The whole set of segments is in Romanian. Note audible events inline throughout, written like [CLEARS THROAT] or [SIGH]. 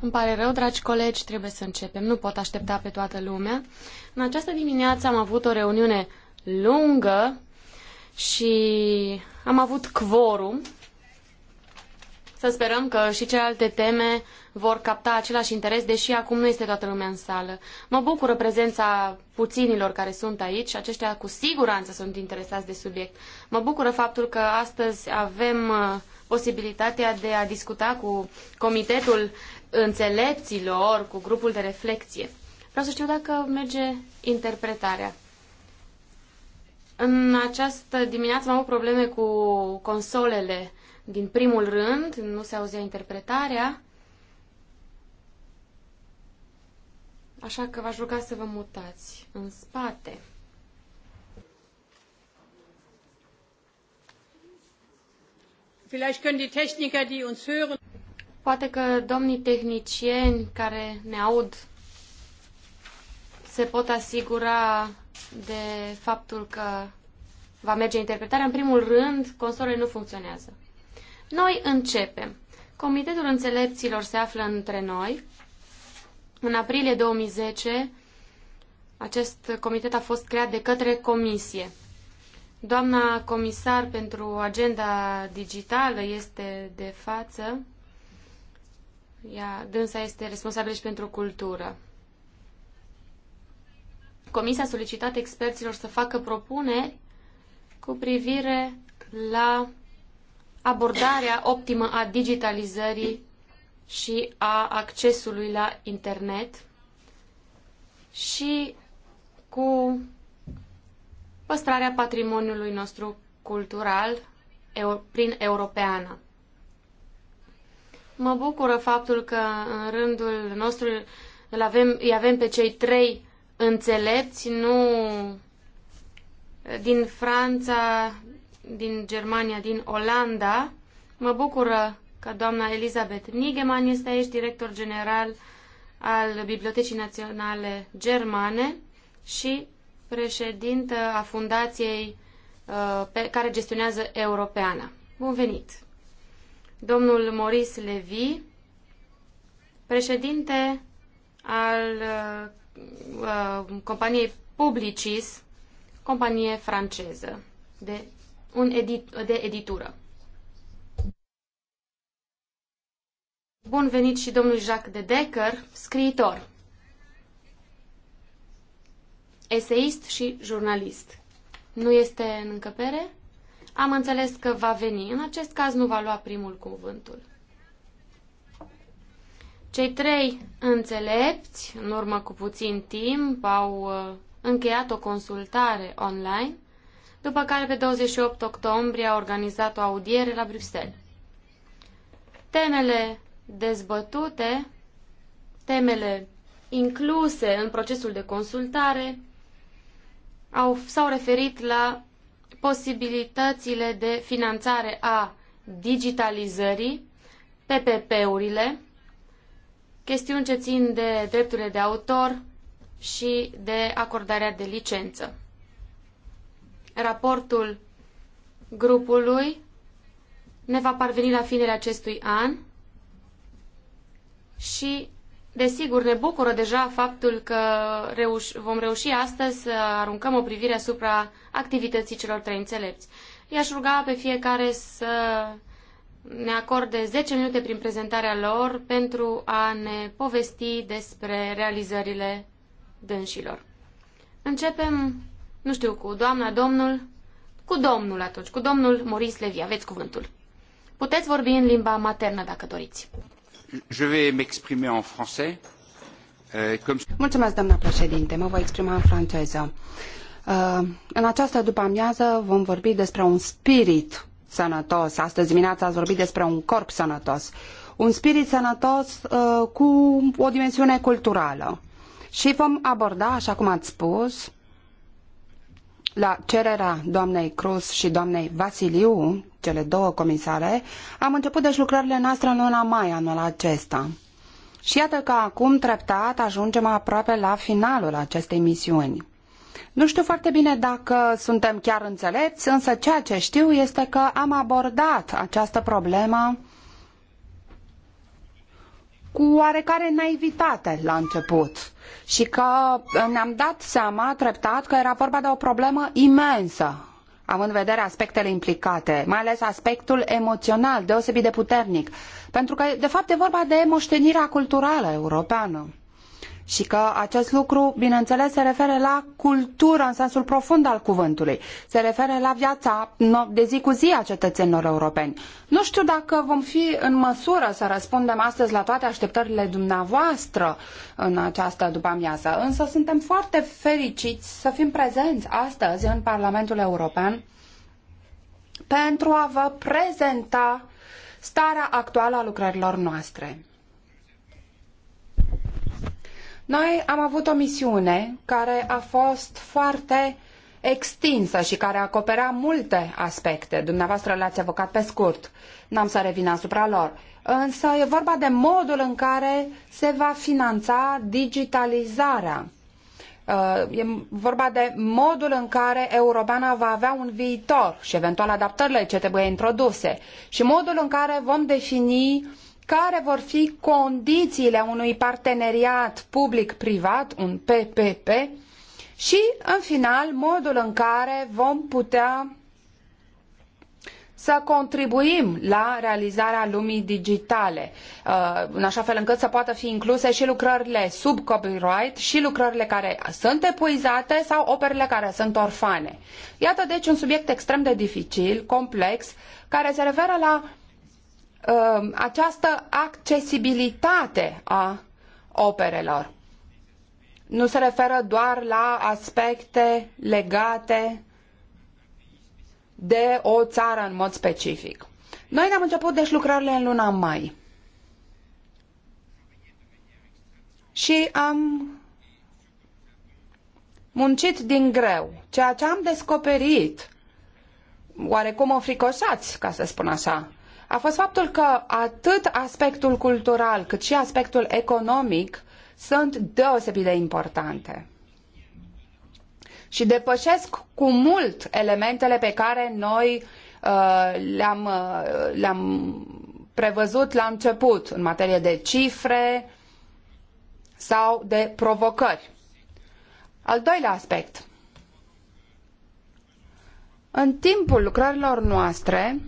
Îmi pare rău, dragi colegi, trebuie să începem. Nu pot aștepta pe toată lumea. În această dimineață am avut o reuniune lungă și am avut quorum. Să sperăm că și celelalte teme vor capta același interes, deși acum nu este toată lumea în sală. Mă bucură prezența puținilor care sunt aici, aceștia cu siguranță sunt interesați de subiect. Mă bucură faptul că astăzi avem uh, posibilitatea de a discuta cu comitetul înțelepților, cu grupul de reflexie. Vreau să știu dacă merge interpretarea. În această dimineață am avut probleme cu consolele din primul rând, nu se auzea interpretarea. Așa că v-aș ruga să vă mutați în spate. Poate că domnii tehnicieni care ne aud se pot asigura de faptul că va merge interpretarea. În primul rând, consolele nu funcționează. Noi începem. Comitetul Înțelepților se află între noi. În aprilie 2010, acest comitet a fost creat de către comisie. Doamna comisar pentru agenda digitală este de față. Ea, dânsa este responsabilă și pentru cultură. Comisia a solicitat experților să facă propuneri cu privire la abordarea optimă a digitalizării și a accesului la internet și cu păstrarea patrimoniului nostru cultural prin europeană. Mă bucură faptul că în rândul nostru îl avem, îi avem pe cei trei înțelepți, nu din Franța, din Germania, din Olanda. Mă bucură că doamna Elizabeth Nigeman este aici, director general al Bibliotecii Naționale Germane și președintă a fundației uh, pe care gestionează Europeana. Bun venit! Domnul Maurice Levy, președinte al uh, uh, companiei Publicis, companie franceză de, un edit, de editură. Bun venit și domnul Jacques de Decker, scriitor eseist și jurnalist. Nu este în încăpere? Am înțeles că va veni. În acest caz nu va lua primul cuvântul. Cei trei înțelepți, în urmă cu puțin timp, au uh, încheiat o consultare online, după care pe 28 octombrie a organizat o audiere la Bruxelles. Temele dezbătute, temele incluse în procesul de consultare, au, s-au referit la posibilitățile de finanțare a digitalizării, PPP-urile, chestiuni ce țin de drepturile de autor și de acordarea de licență. Raportul grupului ne va parveni la finele acestui an și Desigur, ne bucură deja faptul că reuș- vom reuși astăzi să aruncăm o privire asupra activității celor trei înțelepți. I-aș ruga pe fiecare să ne acorde 10 minute prin prezentarea lor pentru a ne povesti despre realizările dânșilor. Începem, nu știu, cu doamna, domnul, cu domnul atunci, cu domnul Moris Levi. Aveți cuvântul. Puteți vorbi în limba maternă dacă doriți. Je euh, președinte. Mă voi exprima în franceză. Uh, în această după-amiază vom vorbi despre un spirit sănătos. Astăzi dimineața ați vorbit despre un corp sănătos. Un spirit sănătos uh, cu o dimensiune culturală. Și vom aborda, așa cum ați spus, la cererea doamnei Cruz și doamnei Vasiliu, cele două comisare, am început deci lucrările noastre în luna mai anul acesta. Și iată că acum, treptat, ajungem aproape la finalul acestei misiuni. Nu știu foarte bine dacă suntem chiar înțelepți, însă ceea ce știu este că am abordat această problemă cu oarecare naivitate la început și că ne-am dat seama treptat că era vorba de o problemă imensă am în vedere aspectele implicate, mai ales aspectul emoțional, deosebit de puternic, pentru că, de fapt, e vorba de moștenirea culturală europeană și că acest lucru, bineînțeles, se referă la cultură în sensul profund al cuvântului, se referă la viața de zi cu zi a cetățenilor europeni. Nu știu dacă vom fi în măsură să răspundem astăzi la toate așteptările dumneavoastră în această după-amiază, însă suntem foarte fericiți să fim prezenți astăzi în Parlamentul European pentru a vă prezenta starea actuală a lucrărilor noastre. Noi am avut o misiune care a fost foarte extinsă și care acoperea multe aspecte. Dumneavoastră le-ați evocat pe scurt. N-am să revin asupra lor. Însă e vorba de modul în care se va finanța digitalizarea. Uh, e vorba de modul în care europeana va avea un viitor și eventual adaptările ce trebuie introduse și modul în care vom defini care vor fi condițiile unui parteneriat public-privat, un PPP, și, în final, modul în care vom putea să contribuim la realizarea lumii digitale, uh, în așa fel încât să poată fi incluse și lucrările sub copyright și lucrările care sunt epuizate sau operele care sunt orfane. Iată deci un subiect extrem de dificil, complex, care se referă la Um, această accesibilitate a operelor. Nu se referă doar la aspecte legate de o țară în mod specific. Noi ne-am început deci lucrările în luna mai. Și am muncit din greu. Ceea ce am descoperit, oarecum ofricoșați, ca să spun așa, a fost faptul că atât aspectul cultural cât și aspectul economic sunt deosebit de importante și depășesc cu mult elementele pe care noi uh, le-am, uh, le-am prevăzut la început în materie de cifre sau de provocări. Al doilea aspect. În timpul lucrărilor noastre,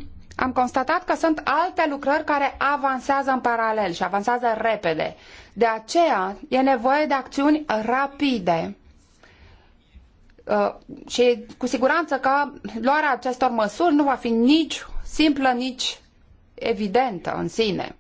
am constatat că sunt alte lucrări care avansează în paralel și avansează repede. De aceea e nevoie de acțiuni rapide. Uh, și cu siguranță că luarea acestor măsuri nu va fi nici simplă, nici evidentă în sine.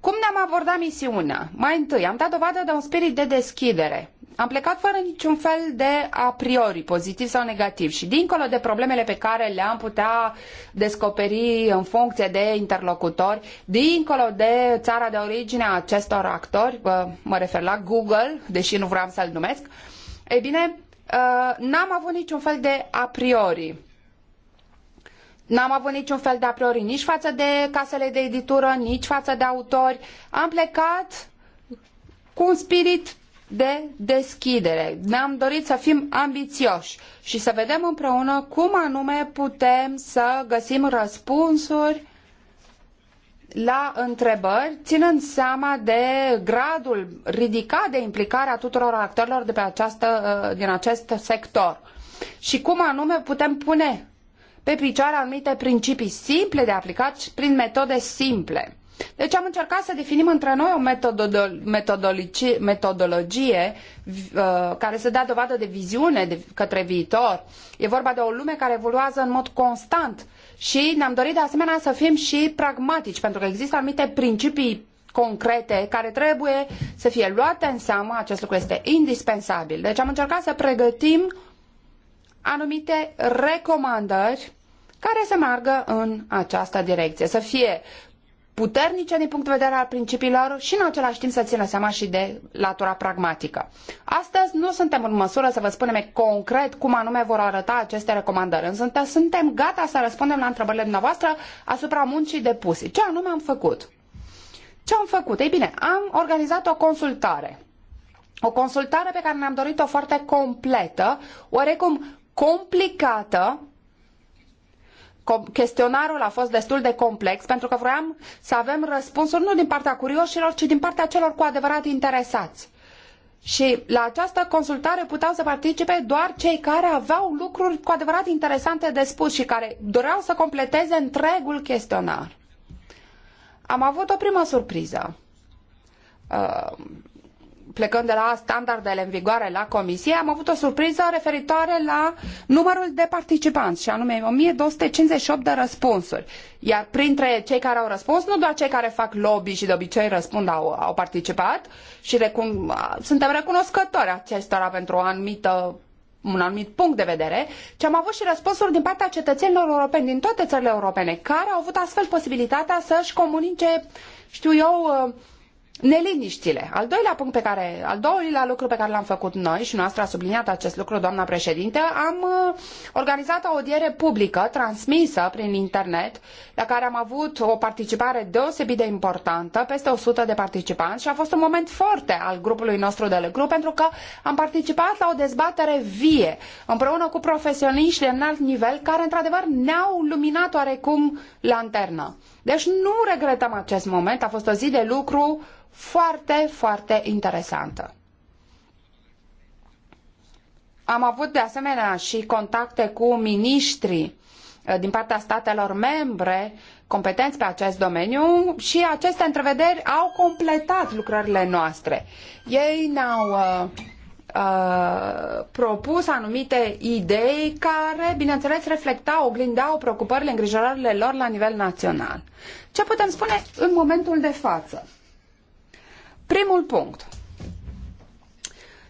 Cum ne-am abordat misiunea? Mai întâi, am dat dovadă de un spirit de deschidere am plecat fără niciun fel de a priori, pozitiv sau negativ. Și dincolo de problemele pe care le-am putea descoperi în funcție de interlocutori, dincolo de țara de origine a acestor actori, mă refer la Google, deși nu vreau să-l numesc, ei bine, ă, n-am avut niciun fel de a priori. N-am avut niciun fel de a priori nici față de casele de editură, nici față de autori. Am plecat cu un spirit de deschidere. Ne-am dorit să fim ambițioși și să vedem împreună cum anume putem să găsim răspunsuri la întrebări, ținând seama de gradul ridicat de implicare a tuturor actorilor de pe această, uh, din acest sector. Și cum anume putem pune pe picioare anumite principii simple de aplicat prin metode simple. Deci am încercat să definim între noi o metodologie, uh, care să dea dovadă de viziune de, către viitor. E vorba de o lume care evoluează în mod constant și ne-am dorit de asemenea să fim și pragmatici, pentru că există anumite principii concrete care trebuie să fie luate în seamă, acest lucru este indispensabil. Deci am încercat să pregătim anumite recomandări care să meargă în această direcție, să fie puternice din punct de vedere al principiilor și în același timp să țină seama și de latura pragmatică. Astăzi nu suntem în măsură să vă spunem concret cum anume vor arăta aceste recomandări, însă suntem gata să răspundem la întrebările dumneavoastră asupra muncii depuse. Ce anume am făcut? Ce am făcut? Ei bine, am organizat o consultare. O consultare pe care ne-am dorit-o foarte completă, oarecum complicată, chestionarul a fost destul de complex pentru că vroiam să avem răspunsuri nu din partea curioșilor, ci din partea celor cu adevărat interesați. Și la această consultare puteau să participe doar cei care aveau lucruri cu adevărat interesante de spus și care doreau să completeze întregul chestionar. Am avut o primă surpriză. Uh plecând de la standardele în vigoare la comisie, am avut o surpriză referitoare la numărul de participanți, și anume 1258 de răspunsuri. Iar printre cei care au răspuns, nu doar cei care fac lobby și de obicei răspund au, au participat, și recun... suntem recunoscători acestora pentru o anumită un anumit punct de vedere, ci am avut și răspunsuri din partea cetățenilor europeni din toate țările europene, care au avut astfel posibilitatea să-și comunice, știu eu, neliniștile. Al doilea punct pe care, al doilea lucru pe care l-am făcut noi și noastră a subliniat acest lucru, doamna președinte, am uh, organizat o audiere publică transmisă prin internet, la care am avut o participare deosebit de importantă, peste 100 de participanți și a fost un moment foarte al grupului nostru de lucru pentru că am participat la o dezbatere vie împreună cu profesioniști de înalt nivel care într-adevăr ne-au luminat oarecum lanterna. Deci nu regretăm acest moment, a fost o zi de lucru foarte, foarte interesantă. Am avut de asemenea și contacte cu miniștrii uh, din partea statelor membre competenți pe acest domeniu și aceste întrevederi au completat lucrările noastre. Ei ne-au uh, Uh, propus anumite idei care, bineînțeles, reflectau, oglindeau preocupările, îngrijorările lor la nivel național. Ce putem spune în momentul de față? Primul punct.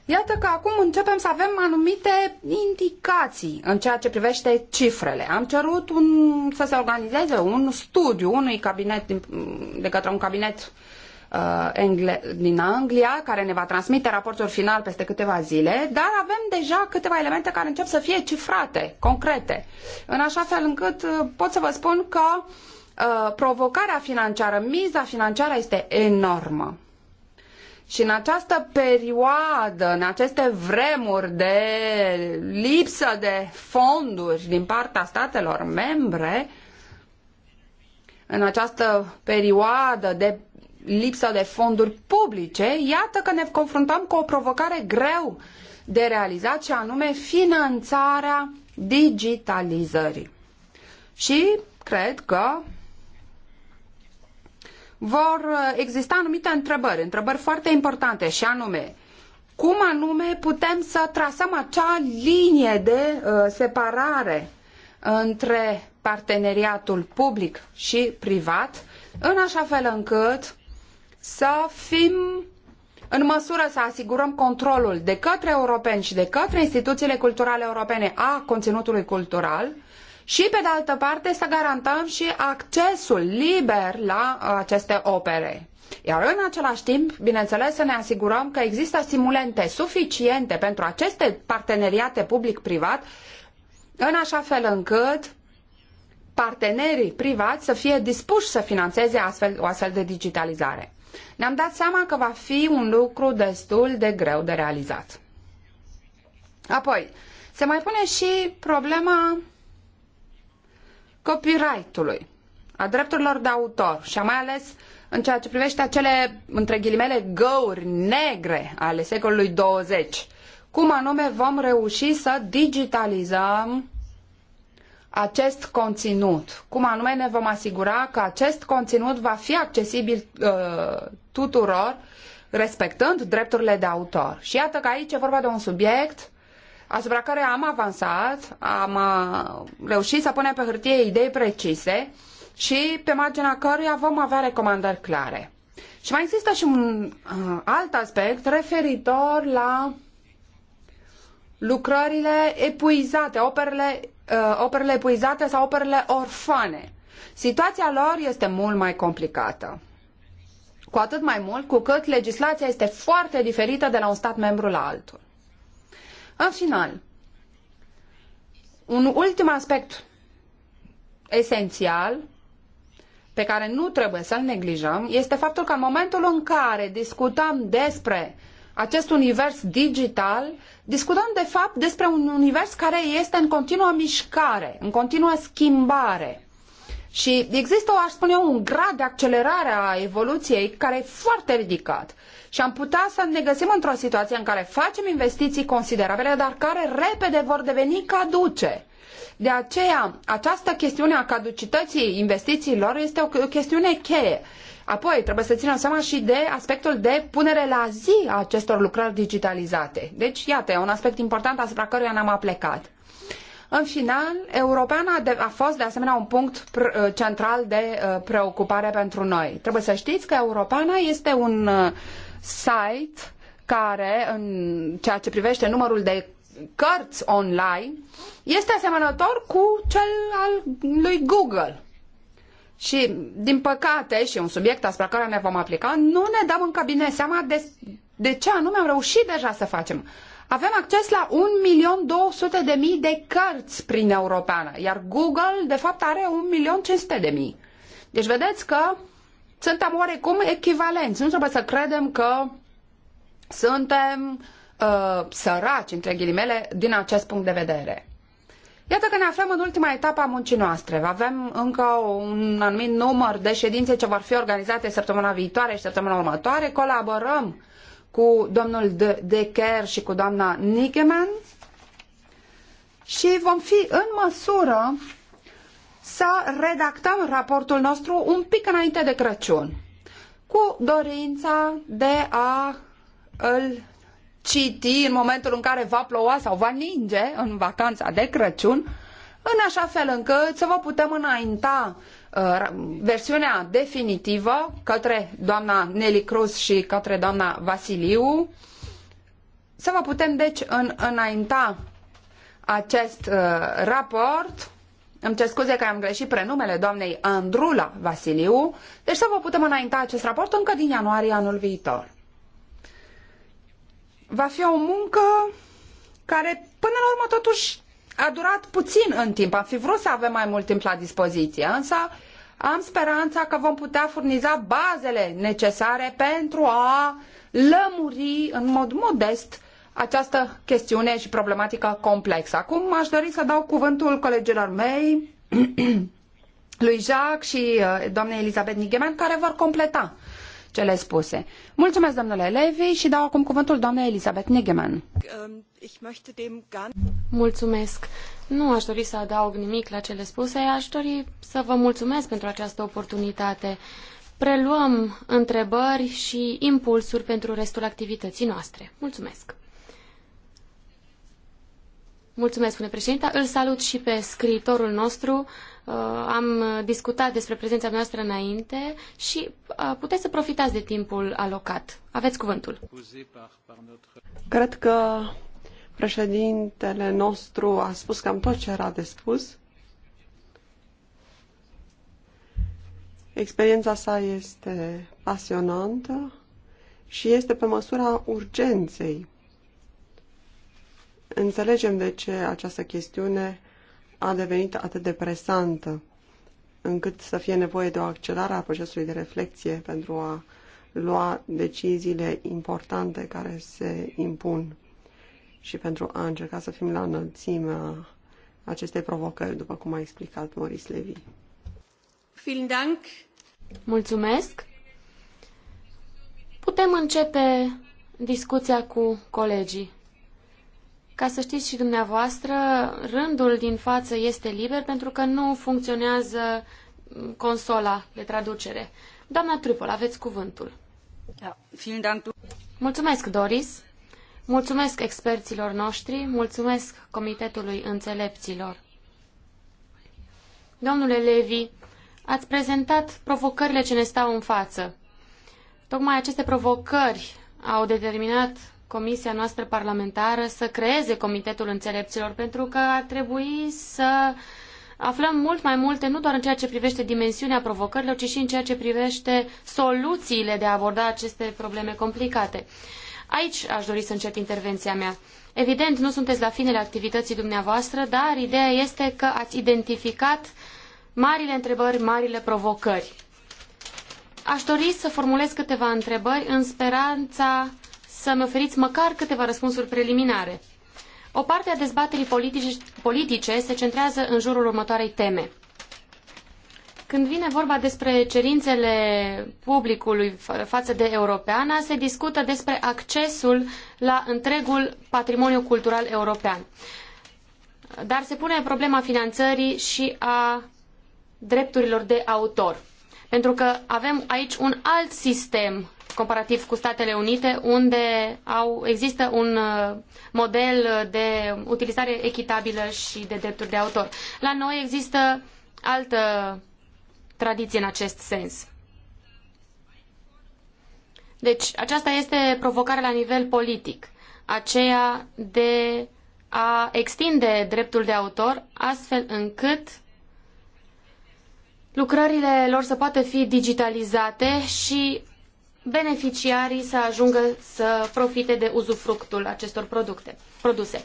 Iată că acum începem să avem anumite indicații în ceea ce privește cifrele. Am cerut un, să se organizeze un studiu unui cabinet, de către un cabinet uh, Uh, Engle- din Anglia, care ne va transmite raportul final peste câteva zile, dar avem deja câteva elemente care încep să fie cifrate, concrete, în așa fel încât uh, pot să vă spun că uh, provocarea financiară, miza financiară este enormă. Și în această perioadă, în aceste vremuri de lipsă de fonduri din partea statelor membre, în această perioadă de lipsă de fonduri publice, iată că ne confruntăm cu o provocare greu de realizat și anume finanțarea digitalizării. Și cred că vor exista anumite întrebări, întrebări foarte importante și anume cum anume putem să trasăm acea linie de uh, separare între parteneriatul public și privat, în așa fel încât să fim în măsură să asigurăm controlul de către europeni și de către instituțiile culturale europene a conținutului cultural și, pe de altă parte, să garantăm și accesul liber la uh, aceste opere. Iar în același timp, bineînțeles, să ne asigurăm că există stimulente suficiente pentru aceste parteneriate public-privat, în așa fel încât partenerii privați să fie dispuși să financeze astfel, o astfel de digitalizare. Ne-am dat seama că va fi un lucru destul de greu de realizat. Apoi, se mai pune și problema copyright-ului, a drepturilor de autor și a mai ales în ceea ce privește acele, între ghilimele, găuri negre ale secolului 20. Cum anume vom reuși să digitalizăm acest conținut? Cum anume ne vom asigura că acest conținut va fi accesibil uh, tuturor, respectând drepturile de autor? Și iată că aici e vorba de un subiect asupra care am avansat, am uh, reușit să punem pe hârtie idei precise și pe marginea căruia vom avea recomandări clare. Și mai există și un uh, alt aspect referitor la lucrările epuizate, operele uh, operele epuizate sau operele orfane. Situația lor este mult mai complicată. Cu atât mai mult cu cât legislația este foarte diferită de la un stat membru la altul. În final, un ultim aspect esențial pe care nu trebuie să-l neglijăm este faptul că în momentul în care discutăm despre uh, acest univers digital, discutăm de fapt despre un univers care este în continuă mișcare, în continuă schimbare. Și există, aș spune eu, un grad de accelerare a evoluției care e foarte ridicat. Și am putea să ne găsim într-o situație în care facem investiții considerabile, dar care repede vor deveni caduce. De aceea, această chestiune a caducității investițiilor este o chestiune cheie. Apoi, trebuie să ținem seama și de aspectul de punere la zi a acestor lucrări digitalizate. Deci, iată, e un aspect important asupra căruia ne-am aplecat. În final, europeana a fost de asemenea un punct uh, central de uh, preocupare pentru noi. Trebuie să știți că europeana este un uh, site care, în ceea ce privește numărul de cărți online, este asemănător cu cel al lui Google. Și, din păcate, și un subiect asupra care ne vom aplica, nu ne dăm încă bine seama de, de ce anume am reușit deja să facem. Avem acces la 1.200.000 de cărți prin europeană, iar Google, de fapt, are 1.500.000. Deci, vedeți că suntem oarecum echivalenți. Nu trebuie să credem că suntem uh, săraci, între ghilimele, din acest punct de vedere. Iată că ne aflăm în ultima etapă a muncii noastre. Avem încă un anumit număr de ședințe ce vor fi organizate săptămâna viitoare și săptămâna următoare. Colaborăm cu domnul De Decker și cu doamna Nickeman și vom fi în măsură să redactăm raportul nostru un pic înainte de Crăciun, cu dorința de a îl citi în momentul în care va ploua sau va ninge în vacanța de Crăciun, în așa fel încât să vă putem înainta uh, versiunea definitivă către doamna Nelly Cruz și către doamna Vasiliu, să vă putem deci în, înainta acest uh, raport îmi cer scuze că am greșit prenumele doamnei Andrula Vasiliu, deci să vă putem înainta acest raport încă din ianuarie anul viitor va fi o muncă care, până la urmă, totuși a durat puțin în timp. Am fi vrut să avem mai mult timp la dispoziție, însă am speranța că vom putea furniza bazele necesare pentru a lămuri în mod modest această chestiune și problematică complexă. Acum aș dori să dau cuvântul colegilor mei, [CLEARS THROAT] lui Jacques și uh, doamnei Elisabeth Nigeman, care vor completa cele spuse. Mulțumesc, domnule Levi, și dau acum cuvântul doamnei Elisabeth Negeman. Mulțumesc. Nu aș dori să adaug nimic la cele spuse, aș dori să vă mulțumesc pentru această oportunitate. Preluăm întrebări și impulsuri pentru restul activității noastre. Mulțumesc! Mulțumesc, spune președinta. Îl salut și pe scriitorul nostru, uh, Uh, am discutat despre prezența noastră înainte și uh, puteți să profitați de timpul alocat. Aveți cuvântul. Cred că președintele nostru a spus cam tot ce era de spus. Experiența sa este pasionantă și este pe măsura urgenței. Înțelegem de ce această chestiune a devenit atât de presantă încât să fie nevoie de o accelerare a procesului de reflexie pentru a lua deciziile importante care se impun și pentru a încerca să fim la înălțimea acestei provocări, după cum a explicat Moris Levy. Mulțumesc! Putem începe discuția cu colegii. Ca să știți și dumneavoastră, rândul din față este liber pentru că nu funcționează consola de traducere. Doamna Trupol, aveți cuvântul. Da, mulțumesc, Doris. Mulțumesc experților noștri, mulțumesc Comitetului Înțelepților. Domnule Levi, ați prezentat provocările ce ne stau în față. Tocmai aceste provocări au determinat comisia noastră parlamentară să creeze Comitetul Înțelepților, pentru că ar trebui să aflăm mult mai multe, nu doar în ceea ce privește dimensiunea provocărilor, ci și în ceea ce privește soluțiile de a aborda aceste probleme complicate. Aici aș dori să încep intervenția mea. Evident, nu sunteți la finele activității dumneavoastră, dar ideea este că ați identificat marile întrebări, marile provocări. Aș dori să formulez câteva întrebări în speranța să-mi oferiți măcar câteva răspunsuri preliminare. O parte a dezbaterii politice, politice se centrează în jurul următoarei teme. Când vine vorba despre cerințele publicului față de europeana, se discută despre accesul la întregul patrimoniu cultural european. Dar se pune problema finanțării și a drepturilor de autor. Pentru că avem aici un alt sistem comparativ cu Statele Unite, unde au, există un uh, model de utilizare echitabilă și de drepturi de autor. La noi există altă tradiție în acest sens. Deci, aceasta este provocarea la nivel politic, aceea de a extinde dreptul de autor astfel încât lucrările lor să poată fi digitalizate și beneficiarii să ajungă să profite de uzufructul acestor producte, produse.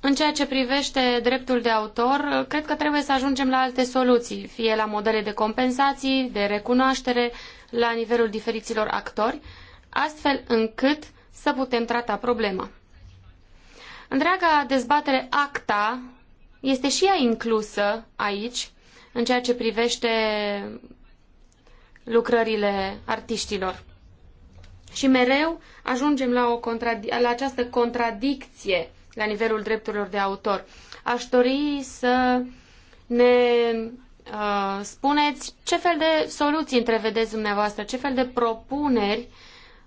În ceea ce privește dreptul de autor, cred că trebuie să ajungem la alte soluții, fie la modele de compensații, de recunoaștere, la nivelul diferiților actori, astfel încât să putem trata problema. Întreaga dezbatere ACTA este și ea inclusă aici, în ceea ce privește lucrările artiștilor. Și mereu ajungem la, o contradi- la această contradicție la nivelul drepturilor de autor. Aș dori să ne uh, spuneți ce fel de soluții întrevedeți dumneavoastră, ce fel de propuneri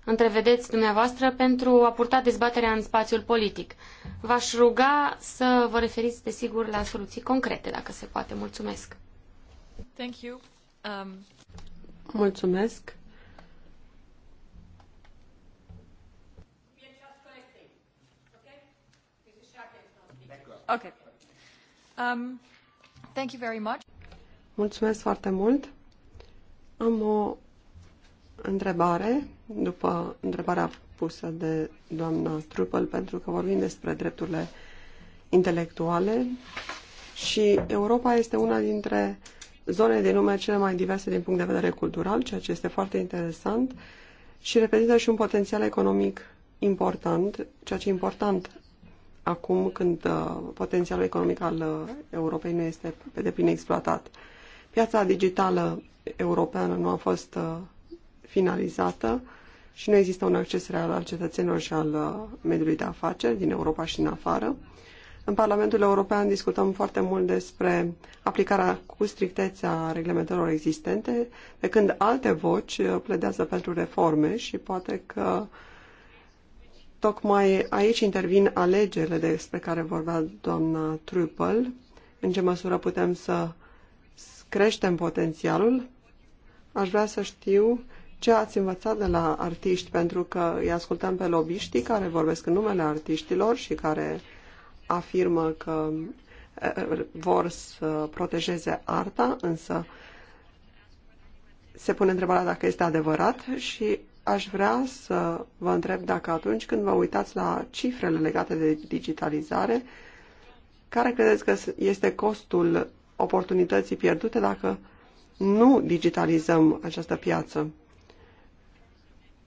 întrevedeți dumneavoastră pentru a purta dezbaterea în spațiul politic. V-aș ruga să vă referiți, desigur, la soluții concrete, dacă se poate. Mulțumesc! Thank you. Um... Mulțumesc. Okay. Um, thank you very much. Mulțumesc foarte mult. Am o întrebare, după întrebarea pusă de doamna Trupel, pentru că vorbim despre drepturile intelectuale și Europa este una dintre zone din lume cele mai diverse din punct de vedere cultural, ceea ce este foarte interesant și reprezintă și un potențial economic important, ceea ce e important acum când uh, potențialul economic al uh, Europei nu este pe deplin exploatat. Piața digitală europeană nu a fost uh, finalizată și nu există un acces real al cetățenilor și al uh, mediului de afaceri din Europa și în afară. În Parlamentul European discutăm foarte mult despre aplicarea cu strictețe a reglementărilor existente, pe când alte voci pledează pentru reforme și poate că tocmai aici intervin alegerile despre care vorbea doamna Trupel, în ce măsură putem să creștem potențialul. Aș vrea să știu ce ați învățat de la artiști, pentru că îi ascultăm pe lobiștii care vorbesc în numele artiștilor și care afirmă că vor să protejeze arta, însă se pune întrebarea dacă este adevărat și aș vrea să vă întreb dacă atunci când vă uitați la cifrele legate de digitalizare, care credeți că este costul oportunității pierdute dacă nu digitalizăm această piață?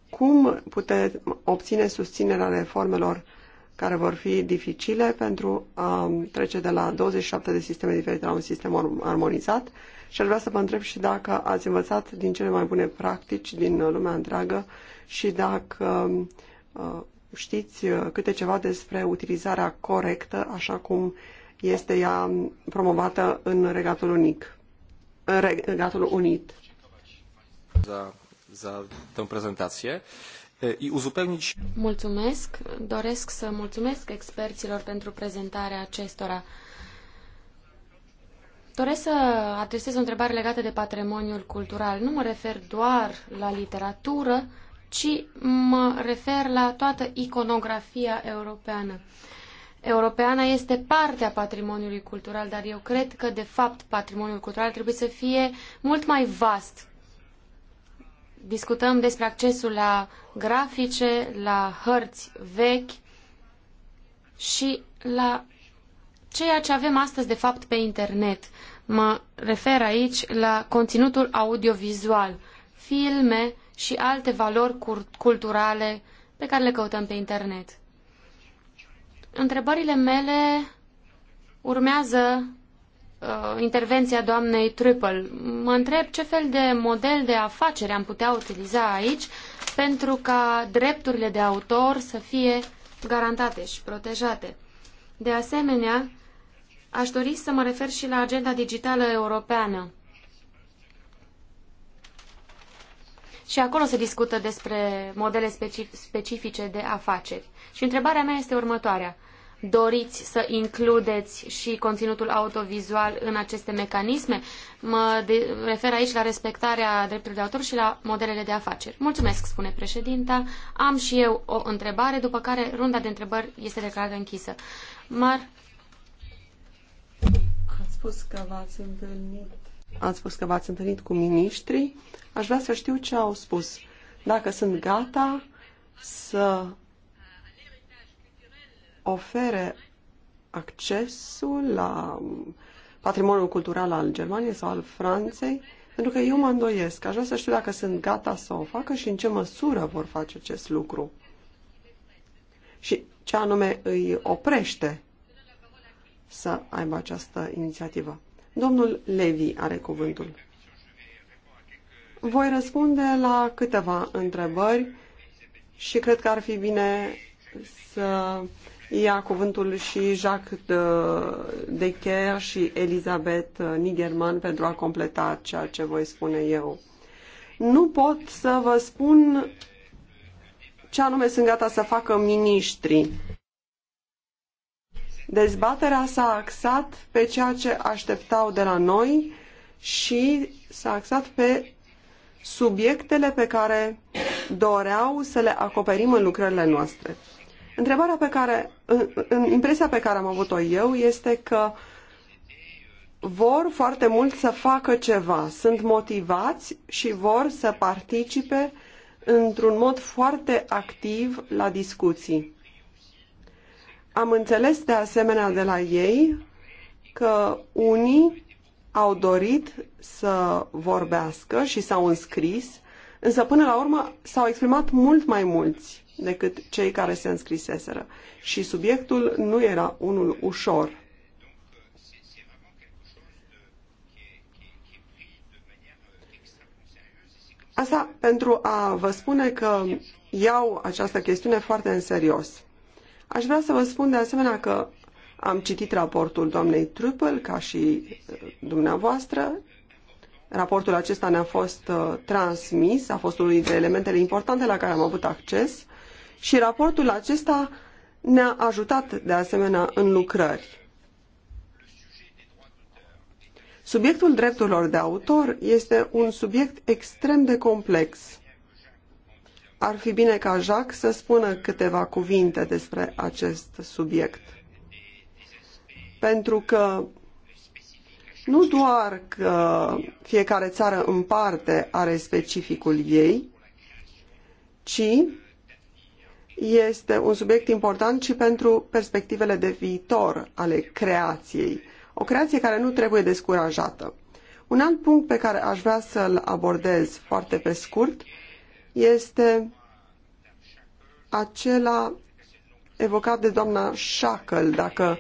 Cum puteți obține susținerea reformelor care vor fi dificile pentru a trece de la 27 de sisteme diferite la un sistem armonizat și aș vrea să vă întreb și dacă ați învățat din cele mai bune practici din lumea întreagă și dacă uh, știți uh, câte ceva despre utilizarea corectă, așa cum este ea promovată în Regatul Unic. În Regatul Unit. Za, za tę prezentację i uzupełnić. Mulțumesc. Doresc să mulțumesc experților pentru prezentarea acestora. Doresc să adresez o întrebare legată de patrimoniul cultural. Nu mă refer doar la literatură, ci mă refer la toată iconografia europeană. Europeana este parte a patrimoniului cultural, dar eu cred că, de fapt, patrimoniul cultural trebuie să fie mult mai vast discutăm despre accesul la grafice, la hărți vechi și la ceea ce avem astăzi de fapt pe internet. Mă refer aici la conținutul audiovizual, filme și alte valori culturale pe care le căutăm pe internet. Întrebările mele urmează Uh, intervenția doamnei Triple. Mă întreb ce fel de model de afacere am putea utiliza aici pentru ca drepturile de autor să fie garantate și protejate. De asemenea, aș dori să mă refer și la agenda digitală europeană. Și acolo se discută despre modele specifice de afaceri. Și întrebarea mea este următoarea doriți să includeți și conținutul audiovizual în aceste mecanisme. Mă refer aici la respectarea drepturilor de autor și la modelele de afaceri. Mulțumesc, spune președinta. Am și eu o întrebare, după care runda de întrebări este declarată închisă. Mar? Ați spus că v-ați întâlnit. Ați spus că v-ați întâlnit cu miniștrii. Aș vrea să știu ce au spus. Dacă sunt gata să ofere accesul la patrimoniul cultural al Germaniei sau al Franței, pentru că eu mă îndoiesc. Aș vrea să știu dacă sunt gata să o facă și în ce măsură vor face acest lucru. Și ce anume îi oprește să aibă această inițiativă. Domnul Levi are cuvântul. Voi răspunde la câteva întrebări și cred că ar fi bine să ia cuvântul și Jacques de, Decher și Elizabeth uh, Nigerman pentru a completa ceea ce voi spune eu. Nu pot să vă spun ce anume sunt gata să facă miniștrii. Dezbaterea s-a axat pe ceea ce așteptau de la noi și s-a axat pe subiectele pe care doreau să le acoperim în lucrările noastre. Întrebarea pe care, impresia pe care am avut-o eu este că vor foarte mult să facă ceva, sunt motivați și vor să participe într-un mod foarte activ la discuții. Am înțeles de asemenea de la ei că unii au dorit să vorbească și s-au înscris, însă până la urmă s-au exprimat mult mai mulți decât cei care se înscriseseră. Și subiectul nu era unul ușor. Asta pentru a vă spune că iau această chestiune foarte în serios. Aș vrea să vă spun de asemenea că am citit raportul doamnei Trupel, ca și uh, dumneavoastră. Raportul acesta ne-a fost uh, transmis, a fost unul dintre elementele importante la care am avut acces și raportul acesta ne-a ajutat de asemenea în lucrări. Subiectul drepturilor de autor este un subiect extrem de complex. Ar fi bine ca Jacques să spună câteva cuvinte despre acest subiect. Pentru că nu doar că fiecare țară în parte are specificul ei, ci este un subiect important și pentru perspectivele de viitor ale creației. O creație care nu trebuie descurajată. Un alt punct pe care aș vrea să-l abordez foarte pe scurt este acela evocat de doamna Shackle, dacă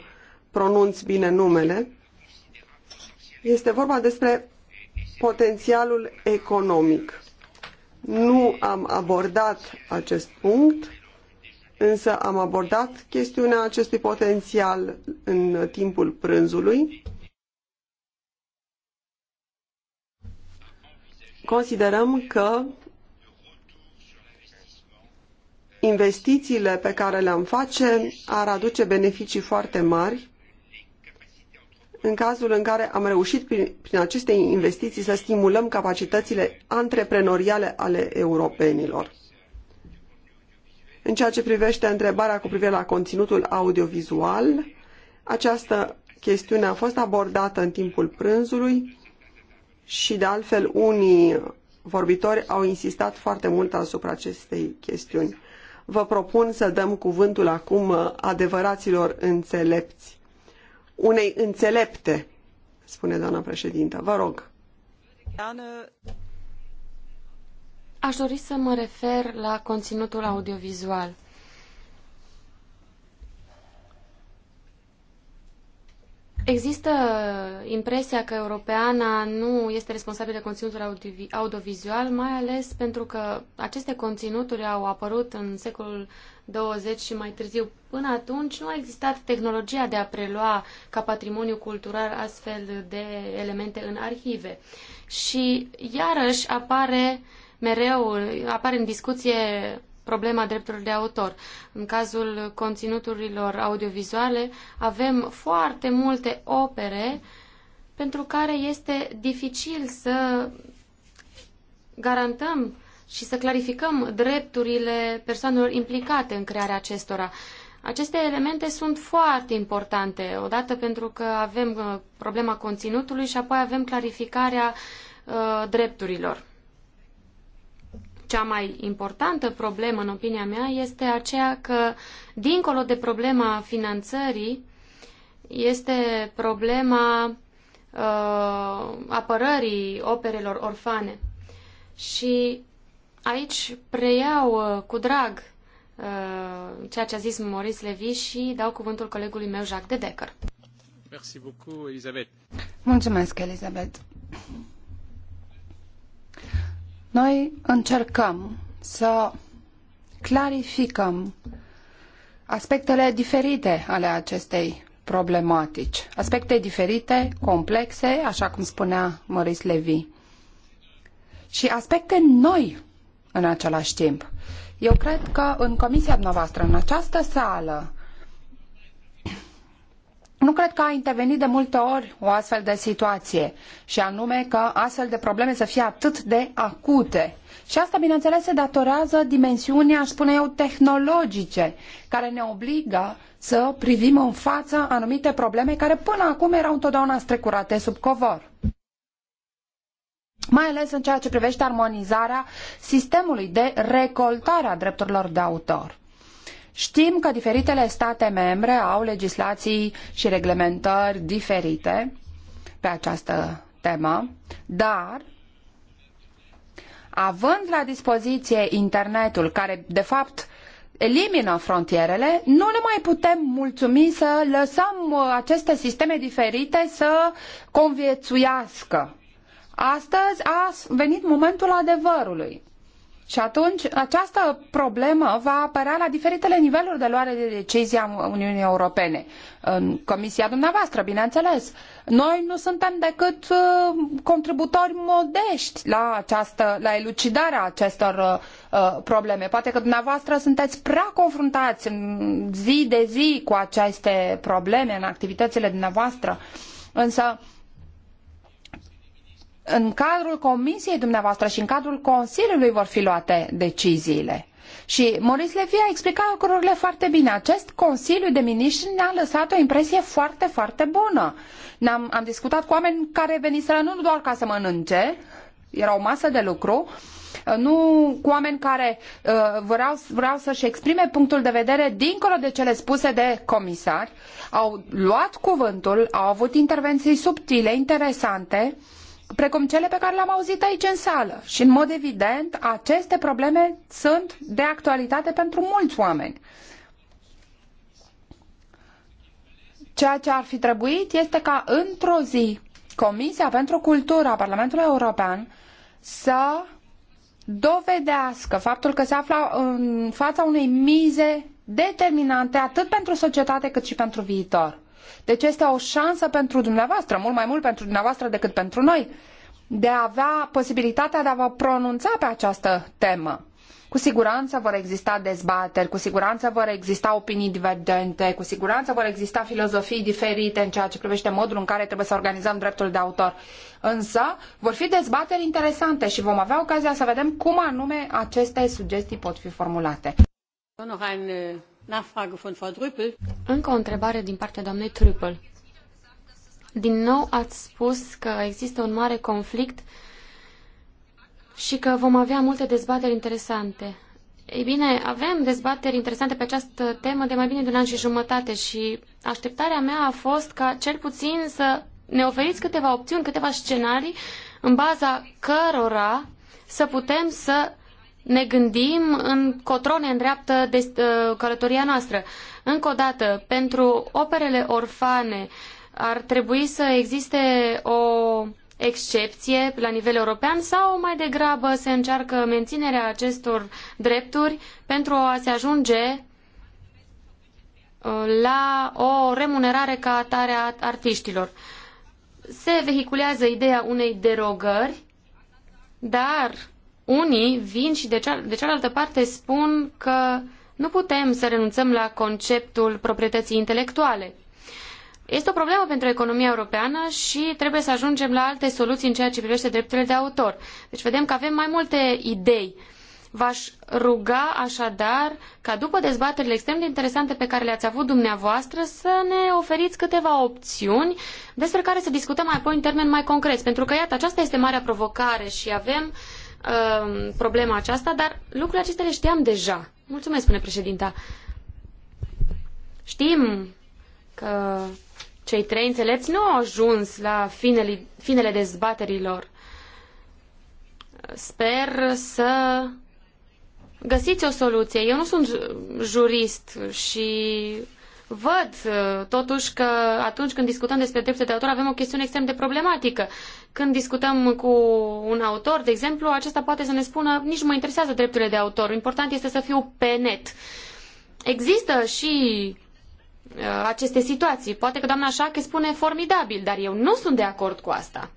pronunț bine numele. Este vorba despre potențialul economic. Nu am abordat acest punct însă am abordat chestiunea acestui potențial în timpul prânzului. Considerăm că investițiile pe care le-am face ar aduce beneficii foarte mari în cazul în care am reușit prin, prin aceste investiții să stimulăm capacitățile antreprenoriale ale europenilor. În ceea ce privește întrebarea cu privire la conținutul audiovizual, această chestiune a fost abordată în timpul prânzului și, de altfel, unii vorbitori au insistat foarte mult asupra acestei chestiuni. Vă propun să dăm cuvântul acum adevăraților înțelepți. Unei înțelepte, spune doamna președintă. Vă rog. Aș dori să mă refer la conținutul audiovizual. Există impresia că europeana nu este responsabilă de conținutul audiovizual, mai ales pentru că aceste conținuturi au apărut în secolul 20 și mai târziu. Până atunci nu a existat tehnologia de a prelua ca patrimoniu cultural astfel de elemente în arhive. Și iarăși apare uh, mereu apare în discuție problema drepturilor de autor. În cazul conținuturilor audiovizuale avem foarte multe opere pentru care este dificil să garantăm și să clarificăm drepturile persoanelor implicate în crearea acestora. Aceste elemente sunt foarte importante, odată pentru că avem uh, problema conținutului și apoi avem clarificarea uh, drepturilor. Cea mai importantă problemă, în opinia mea, este aceea că, dincolo de problema finanțării, este problema uh, apărării operelor orfane. Și aici preiau uh, cu drag uh, ceea ce a zis Maurice Levy și dau cuvântul colegului meu, Jacques de Decker. Mulțumesc, Elizabeth. Noi încercăm să clarificăm aspectele diferite ale acestei problematici. Aspecte diferite, complexe, așa cum spunea Maurice Levy. Și aspecte noi în același timp. Eu cred că în comisia noastră, în această sală, nu cred că a intervenit de multe ori o astfel de situație, și anume că astfel de probleme să fie atât de acute. Și asta, bineînțeles, se datorează dimensiunii, aș spune eu, tehnologice, care ne obligă să privim în față anumite probleme care până acum erau întotdeauna strecurate sub covor mai ales în ceea ce privește armonizarea sistemului de recoltare a drepturilor de autor. Știm că diferitele state membre au legislații și reglementări diferite pe această temă, dar având la dispoziție internetul, care de fapt elimină frontierele, nu ne mai putem mulțumi să lăsăm uh, aceste sisteme diferite să conviețuiască. Astăzi a venit momentul adevărului. Și atunci această problemă va apărea la diferitele niveluri de luare de decizie a Uniunii Europene. În comisia dumneavoastră, bineînțeles. Noi nu suntem decât uh, contributori modești la, această, la elucidarea acestor uh, probleme. Poate că dumneavoastră sunteți prea confruntați zi de zi cu aceste probleme în activitățile dumneavoastră. Însă în cadrul comisiei dumneavoastră și în cadrul Consiliului vor fi luate deciziile. Și Maurice Levy a explicat lucrurile foarte bine. Acest Consiliu de Miniștri ne-a lăsat o impresie foarte, foarte bună. -am, am discutat cu oameni care veniseră nu doar ca să mănânce, era o masă de lucru, nu cu oameni care uh, vreau, vreau să-și exprime punctul de vedere dincolo de cele spuse de comisari, au luat cuvântul, au avut intervenții subtile, interesante, uh, precum cele pe care le-am auzit aici în sală. Și, în mod evident, aceste probleme sunt de actualitate pentru mulți oameni. Ceea ce ar fi trebuit este ca într-o zi Comisia pentru Cultură a Parlamentului European să dovedească faptul că se află în fața unei mize determinante atât pentru societate cât și pentru viitor. Deci este o șansă pentru dumneavoastră, mult mai mult pentru dumneavoastră decât pentru noi, de a avea posibilitatea de a vă pronunța pe această temă. Cu siguranță vor exista dezbateri, cu siguranță vor exista opinii divergente, cu siguranță vor exista filozofii diferite în ceea ce privește modul în care trebuie să organizăm dreptul de autor. Însă vor fi dezbateri interesante și vom avea ocazia să vedem cum anume aceste sugestii pot fi formulate. Încă o întrebare din partea doamnei Trüppel. Din nou ați spus că există un mare conflict și că vom avea multe dezbateri interesante. Ei bine, avem dezbateri interesante pe această temă de mai bine de un an și jumătate și așteptarea mea a fost ca cel puțin să ne oferiți câteva opțiuni, câteva scenarii în baza cărora să putem să ne gândim încotro ne îndreaptă de, uh, ă, călătoria noastră. Încă o dată, pentru operele orfane ar trebui să existe o excepție la nivel european sau mai degrabă se încearcă menținerea acestor drepturi pentru a se ajunge ă, la o remunerare ca atare a artiștilor. Se vehiculează ideea unei derogări, dar unii vin și de, ceal- de cealaltă parte spun că nu putem să renunțăm la conceptul proprietății intelectuale. Este o problemă pentru economia europeană și trebuie să ajungem la alte soluții în ceea ce privește drepturile de autor. Deci vedem că avem mai multe idei. V-aș ruga așadar ca după dezbaterile extrem de interesante pe care le-ați avut dumneavoastră să ne oferiți câteva opțiuni despre care să discutăm mai apoi în termeni mai concret, Pentru că, iată, aceasta este marea provocare și avem uh, Um, problema aceasta, dar lucrurile acestea le știam deja. Mulțumesc, spune președinta. Știm că cei trei înțelepți nu au ajuns la finele, finele dezbaterilor. Sper să găsiți o soluție. Eu nu sunt jurist și văd uh, totuși că atunci când discutăm despre drepturile de autor avem o chestiune extrem de problematică. Când discutăm cu un autor, de exemplu, acesta poate să ne spună nici mă interesează drepturile de autor, important este să fiu pe net. Există și uh, aceste situații. Poate că doamna Șache spune formidabil, dar eu nu sunt de acord cu asta.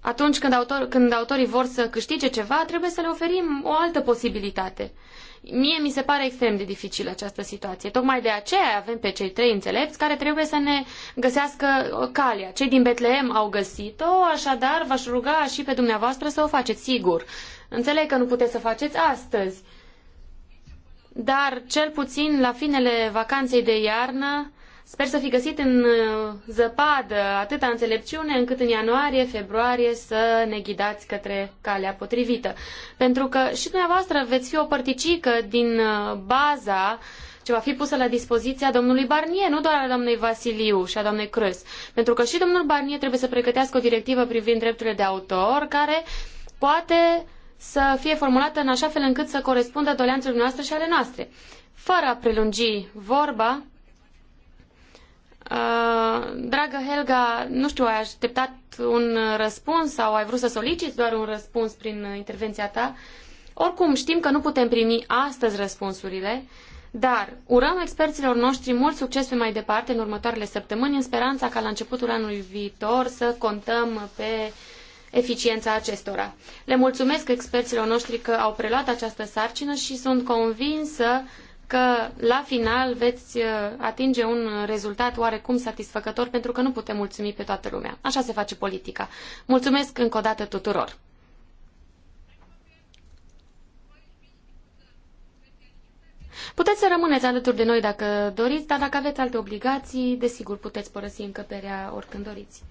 Atunci când, autor, când autorii vor să câștige ceva, trebuie să le oferim o altă posibilitate. Uh, Mie mi se pare extrem de dificilă această situație. Tocmai de aceea avem pe cei trei înțelepți care trebuie să ne găsească calea. Cei din Betlehem au găsit-o, așadar v-aș ruga și pe dumneavoastră să o faceți sigur. Înțeleg că nu puteți să faceți astăzi, dar cel puțin la finele vacanței de iarnă Sper să fi găsit în uh, zăpadă atâta înțelepciune încât în ianuarie, februarie să ne ghidați către calea potrivită. Pentru că și dumneavoastră veți fi o părticică din uh, baza ce va fi pusă la dispoziția domnului Barnier, nu doar a doamnei Vasiliu și a doamnei Crâs. Pentru că și domnul Barnier trebuie să pregătească o directivă privind drepturile de autor care poate să fie formulată în așa fel încât să corespundă doleanțelor noastre și ale noastre. Fără a prelungi vorba, Uh, dragă Helga, nu știu, ai așteptat un răspuns sau ai vrut să soliciți doar un răspuns prin intervenția ta? Oricum, știm că nu putem primi astăzi răspunsurile, dar urăm experților noștri mult succes pe mai departe în următoarele săptămâni, în speranța ca la începutul anului viitor să contăm pe eficiența acestora. Le mulțumesc experților noștri că au preluat această sarcină și sunt convinsă că la final veți uh, atinge un rezultat oarecum satisfăcător pentru că nu putem mulțumi pe toată lumea. Așa se face politica. Mulțumesc încă o dată tuturor! Puteți să rămâneți alături de noi dacă doriți, dar dacă aveți alte obligații, desigur puteți părăsi încăperea oricând doriți.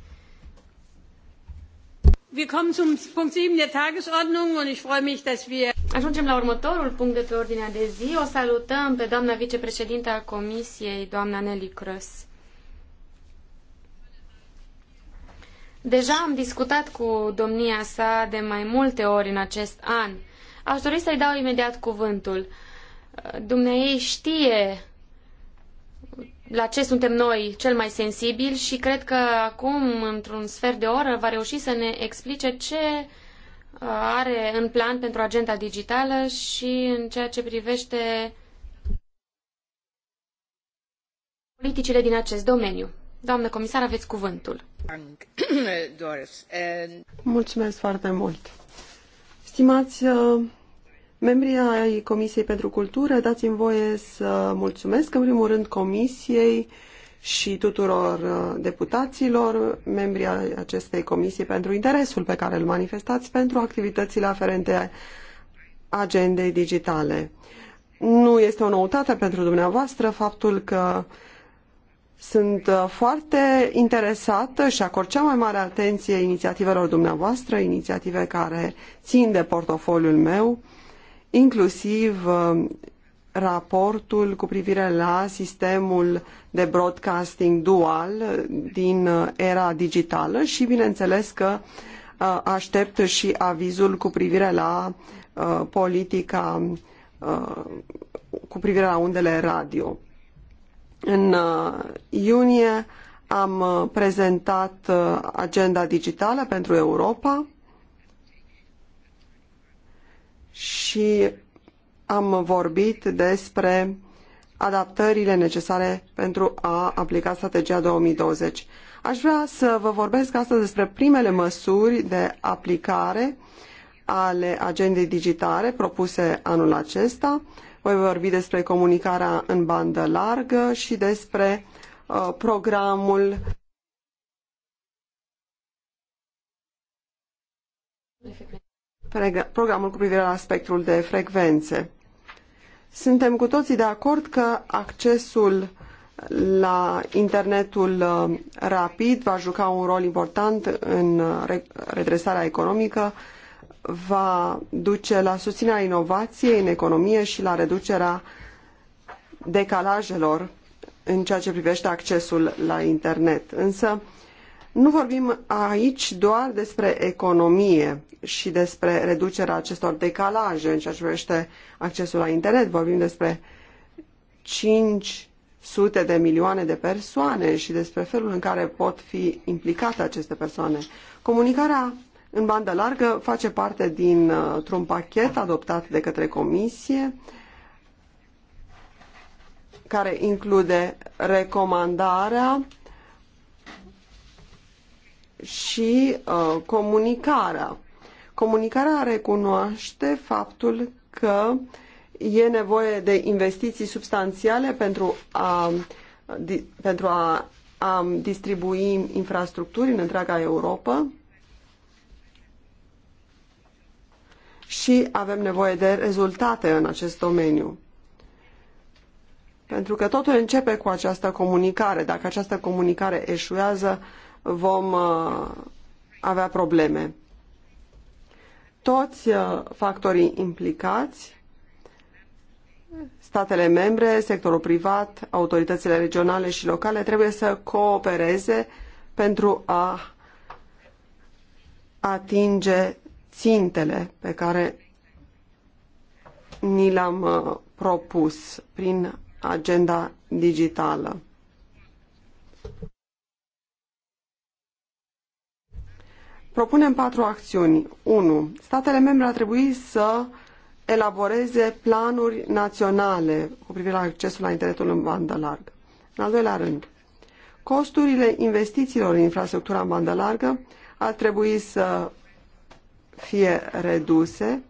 Ajungem la următorul punct de pe ordinea de zi. O salutăm pe doamna vicepreședinte a Comisiei, doamna Nelly Crăs. Deja am discutat cu domnia sa de mai multe ori în acest an. Aș dori să-i dau imediat cuvântul. Dumnezeu știe la ce suntem noi cel mai sensibili și cred că acum, într-un sfert de oră, va reuși să ne explice ce uh, are în plan pentru agenda digitală și în ceea ce privește politicile din acest domeniu. Doamnă comisar, aveți cuvântul. Mulțumesc foarte mult. Stimați uh, Membrii ai Comisiei pentru Cultură, dați-mi voie să mulțumesc în primul rând Comisiei și tuturor uh, deputaților, membrii acestei comisii pentru interesul pe care îl manifestați pentru activitățile aferente agendei digitale. Nu este o noutate pentru dumneavoastră faptul că sunt uh, foarte interesată și acord cea mai mare atenție inițiativelor dumneavoastră, inițiative care țin de portofoliul meu inclusiv uh, raportul cu privire la sistemul de broadcasting dual din uh, era digitală și, bineînțeles, că uh, aștept și avizul cu privire la politica cu privire la undele radio. În iunie am prezentat agenda digitală pentru Europa și am vorbit despre adaptările necesare pentru a aplica strategia 2020. Aș vrea să vă vorbesc astăzi despre primele măsuri de aplicare ale agendei digitale propuse anul acesta. Voi vorbi despre comunicarea în bandă largă și despre uh, programul programul cu privire la spectrul de frecvențe. Suntem cu toții de acord că accesul la internetul uh, rapid va juca un rol important în uh, redresarea economică, va duce la susținerea inovației în economie și la reducerea decalajelor în ceea ce privește accesul la internet. Însă, nu vorbim aici doar despre economie și despre reducerea acestor decalaje în ceea ce privește accesul la internet. Vorbim despre 500 de milioane de persoane și despre felul în care pot fi implicate aceste persoane. Comunicarea în bandă largă face parte dintr-un uh, pachet adoptat de către Comisie care include recomandarea și uh, comunicarea. Comunicarea recunoaște faptul că e nevoie de investiții substanțiale pentru a, di, pentru a, a distribui infrastructuri în întreaga Europa și avem nevoie de rezultate în acest domeniu. Pentru că totul începe cu această comunicare. Dacă această comunicare eșuează, uh, vom uh, avea probleme. Toți uh, factorii implicați, statele membre, sectorul privat, autoritățile regionale și locale, trebuie să coopereze pentru a atinge țintele pe care ni l-am uh, propus prin agenda digitală. Propunem patru acțiuni. 1. Statele membre ar trebui să elaboreze planuri naționale cu privire la accesul la internetul în bandă largă. În al doilea rând, costurile investițiilor în infrastructura în bandă largă ar trebui să fie reduse.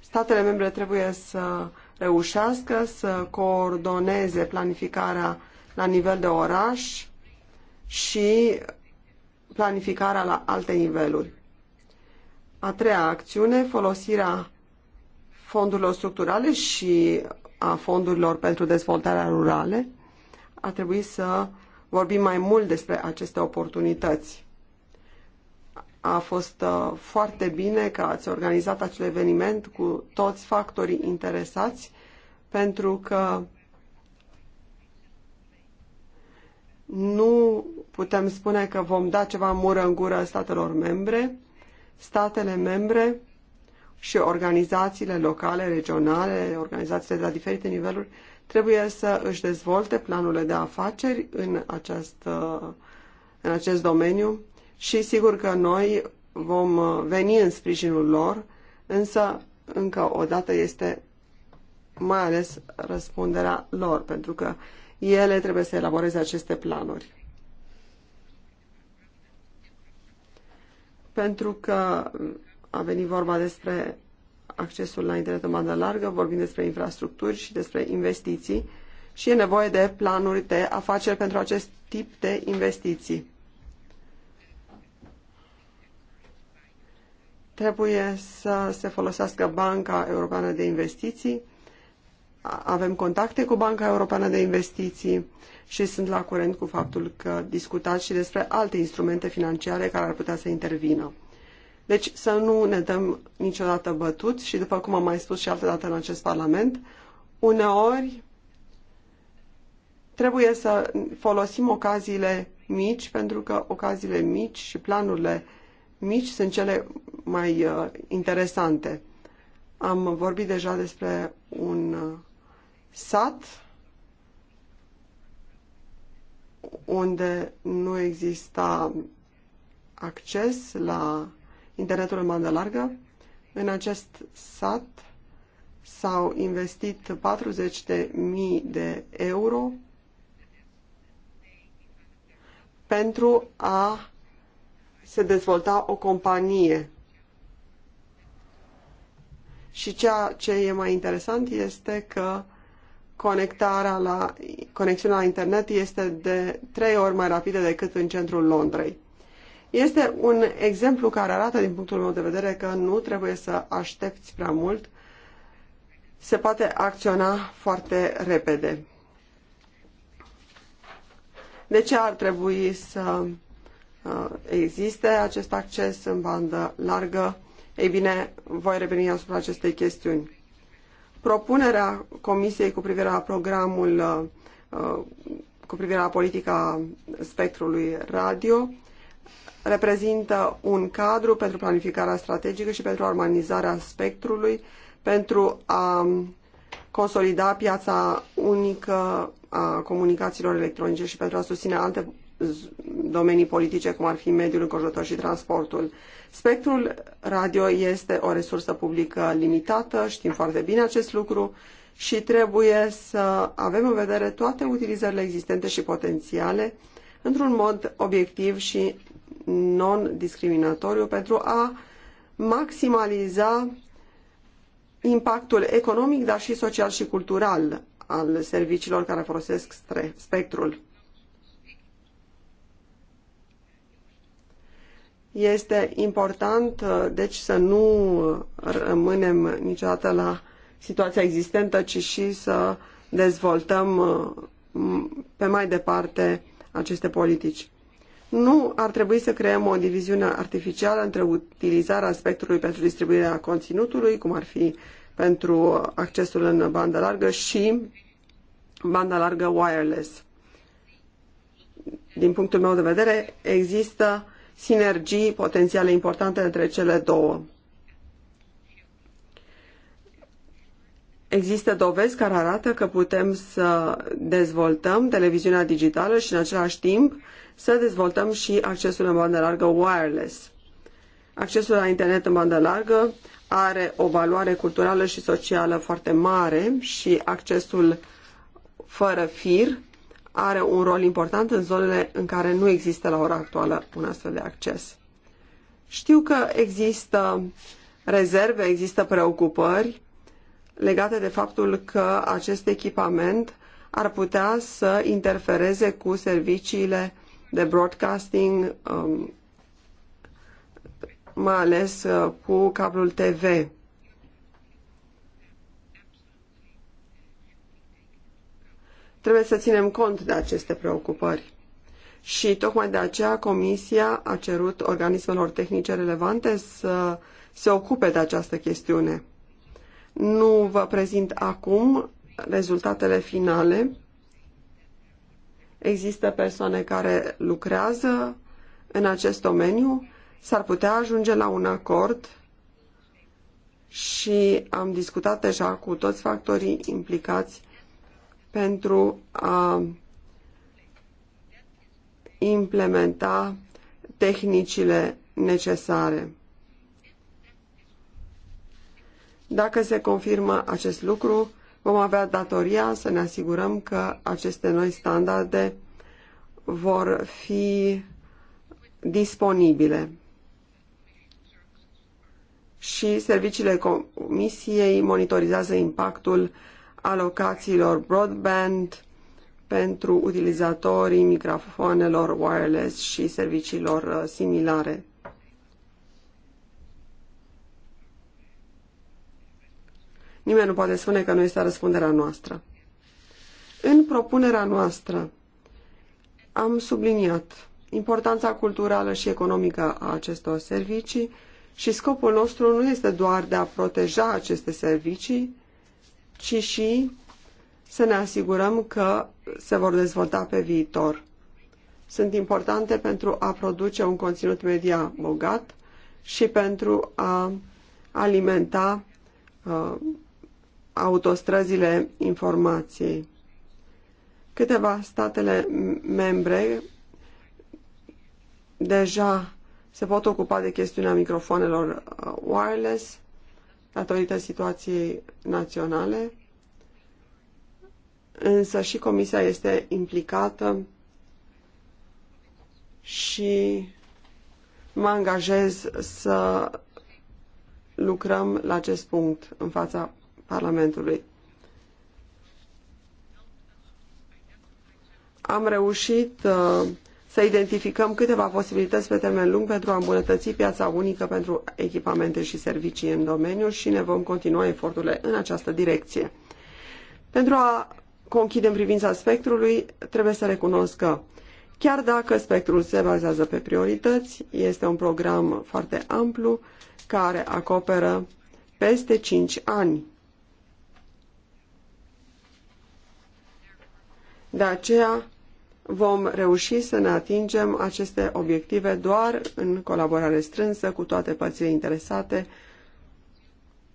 Statele membre trebuie să reușească să coordoneze planificarea la nivel de oraș, și planificarea la alte niveluri. A treia acțiune, folosirea fondurilor structurale și a fondurilor pentru dezvoltarea rurale. A trebuit să vorbim mai mult despre aceste oportunități. A fost uh, foarte bine că ați organizat acel eveniment cu toți factorii interesați, pentru că Nu putem spune că vom da ceva mură în gură statelor membre. Statele membre și organizațiile locale, regionale, organizațiile de la diferite niveluri, trebuie să își dezvolte planurile de afaceri în acest, în acest domeniu și sigur că noi vom veni în sprijinul lor, însă încă o dată este mai ales răspunderea lor, pentru că ele trebuie să elaboreze aceste planuri. Pentru că a venit vorba despre accesul la internet în bandă largă, vorbim despre infrastructuri și despre investiții și e nevoie de planuri de afaceri pentru acest tip de investiții. Trebuie să se folosească Banca Europeană de Investiții avem contacte cu Banca Europeană de Investiții și sunt la curent cu faptul că discutați și despre alte instrumente financiare care ar putea să intervină. Deci să nu ne dăm niciodată bătuți și, după cum am mai spus și altă dată în acest Parlament, uneori trebuie să folosim ocaziile mici, pentru că ocaziile mici și planurile mici sunt cele mai uh, interesante. Am vorbit deja despre un uh, sat unde nu exista acces la internetul în bandă largă. În acest sat s-au investit 40.000 de euro pentru a se dezvolta o companie. Și ceea ce e mai interesant este că conectarea la, conexiunea la internet este de trei ori mai rapidă decât în centrul Londrei. Este un exemplu care arată, din punctul meu de vedere, că nu trebuie să aștepți prea mult. Se poate acționa foarte repede. De ce ar trebui să uh, existe acest acces în bandă largă? Ei bine, voi reveni asupra acestei chestiuni. Propunerea Comisiei cu privire la programul uh, uh, cu privire la politica spectrului radio reprezintă un cadru pentru planificarea strategică și pentru armonizarea spectrului pentru a consolida piața unică a comunicațiilor electronice și pentru a susține alte domenii politice, cum ar fi mediul înconjurător și transportul. Spectrul radio este o resursă publică limitată, știm foarte bine acest lucru și trebuie să avem în vedere toate utilizările existente și potențiale într-un mod obiectiv și non-discriminatoriu pentru a maximaliza impactul economic, dar și social și cultural al serviciilor care folosesc spectrul. Este important, uh, deci, să nu rămânem niciodată la situația existentă, ci și să dezvoltăm uh, pe mai departe aceste politici. Nu ar trebui să creăm o diviziune artificială între utilizarea spectrului pentru distribuirea conținutului, cum ar fi pentru accesul în bandă largă și banda largă wireless. Din punctul meu de vedere, există sinergii potențiale importante între cele două. Există dovezi care arată că putem să dezvoltăm televiziunea digitală și în același timp să dezvoltăm și accesul în bandă largă wireless. Accesul la internet în bandă largă are o valoare culturală și socială foarte mare și accesul fără fir are un rol important în zonele în care nu există la ora actuală un astfel de acces. Știu că există rezerve, există preocupări legate de faptul că acest echipament ar putea să interfereze cu serviciile de broadcasting, um, mai ales uh, cu cablul TV. Trebuie să ținem cont de aceste preocupări. Și tocmai de aceea Comisia a cerut organismelor tehnice relevante să se ocupe de această chestiune. Nu vă prezint acum rezultatele finale. Există persoane care lucrează în acest domeniu. S-ar putea ajunge la un acord și am discutat deja cu toți factorii implicați pentru a implementa tehnicile necesare. Dacă se confirmă acest lucru, vom avea datoria să ne asigurăm că aceste noi standarde vor fi disponibile. Și serviciile Comisiei monitorizează impactul alocațiilor broadband pentru utilizatorii microfoanelor wireless și serviciilor uh, similare. Nimeni nu poate spune că nu este răspunderea noastră. În propunerea noastră am subliniat importanța culturală și economică a acestor servicii și scopul nostru nu este doar de a proteja aceste servicii, ci și să ne asigurăm că se vor dezvolta pe viitor. Sunt importante pentru a produce un conținut media bogat și pentru a alimenta uh, autostrăzile informației. Câteva statele membre deja se pot ocupa de chestiunea microfonelor uh, wireless datorită situației naționale, însă și Comisia este implicată și mă angajez să lucrăm la acest punct în fața Parlamentului. Am reușit uh, să identificăm câteva posibilități pe termen lung pentru a îmbunătăți piața unică pentru echipamente și servicii în domeniu și ne vom continua eforturile în această direcție. Pentru a conchide în privința spectrului, trebuie să recunosc că Chiar dacă spectrul se bazează pe priorități, este un program foarte amplu care acoperă peste 5 ani. De aceea vom reuși să ne atingem aceste obiective doar în colaborare strânsă cu toate părțile interesate,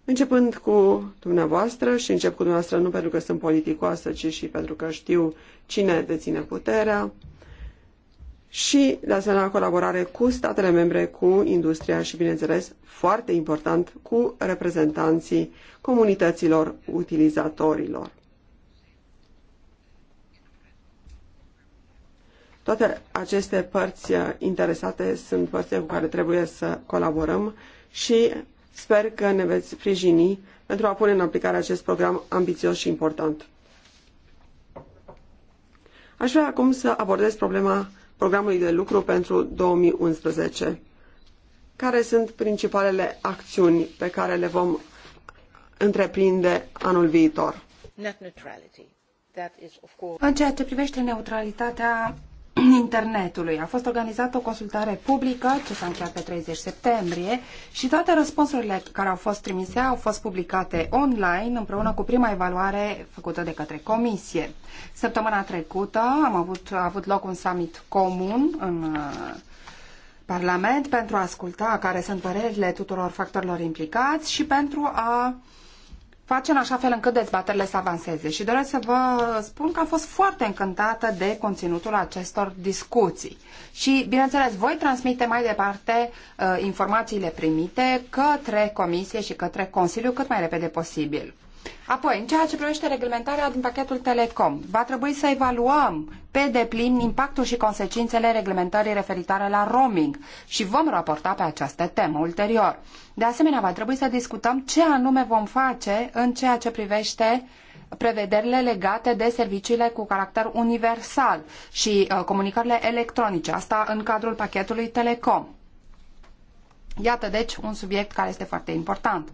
începând cu dumneavoastră și încep cu dumneavoastră nu pentru că sunt politicoasă, ci și pentru că știu cine deține puterea și, de asemenea, colaborare cu statele membre, cu industria și, bineînțeles, foarte important, cu reprezentanții comunităților utilizatorilor. Toate aceste părți uh, interesate sunt părțile cu care trebuie să colaborăm și sper că ne veți sprijini pentru a pune în aplicare acest program ambițios și important. Aș vrea acum să abordez problema programului de lucru pentru 2011. Care sunt principalele acțiuni pe care le vom întreprinde anul viitor? În ceea ce privește neutralitatea [CLEARS THROAT] internetului. A fost organizată o consultare publică ce s-a încheiat pe 30 septembrie și toate răspunsurile care au fost trimise au fost publicate online împreună cu prima evaluare făcută de către comisie. Săptămâna trecută am avut, a avut loc un summit comun în uh, Parlament pentru a asculta care sunt părerile tuturor factorilor implicați și pentru a uh, face în așa fel încât dezbaterile să avanseze. Și doresc să vă spun că am fost foarte încântată de conținutul acestor discuții. Și, bineînțeles, voi transmite mai departe uh, informațiile primite către Comisie și către Consiliu cât mai repede posibil. Apoi, în ceea ce privește reglementarea din pachetul Telecom, va trebui să evaluăm pe deplin impactul și consecințele reglementării referitoare la roaming și vom raporta pe această temă ulterior. De asemenea, va trebui să discutăm ce anume vom face în ceea ce privește prevederile legate de serviciile cu caracter universal și uh, comunicările electronice, asta în cadrul pachetului Telecom. Iată, deci, un subiect care este foarte important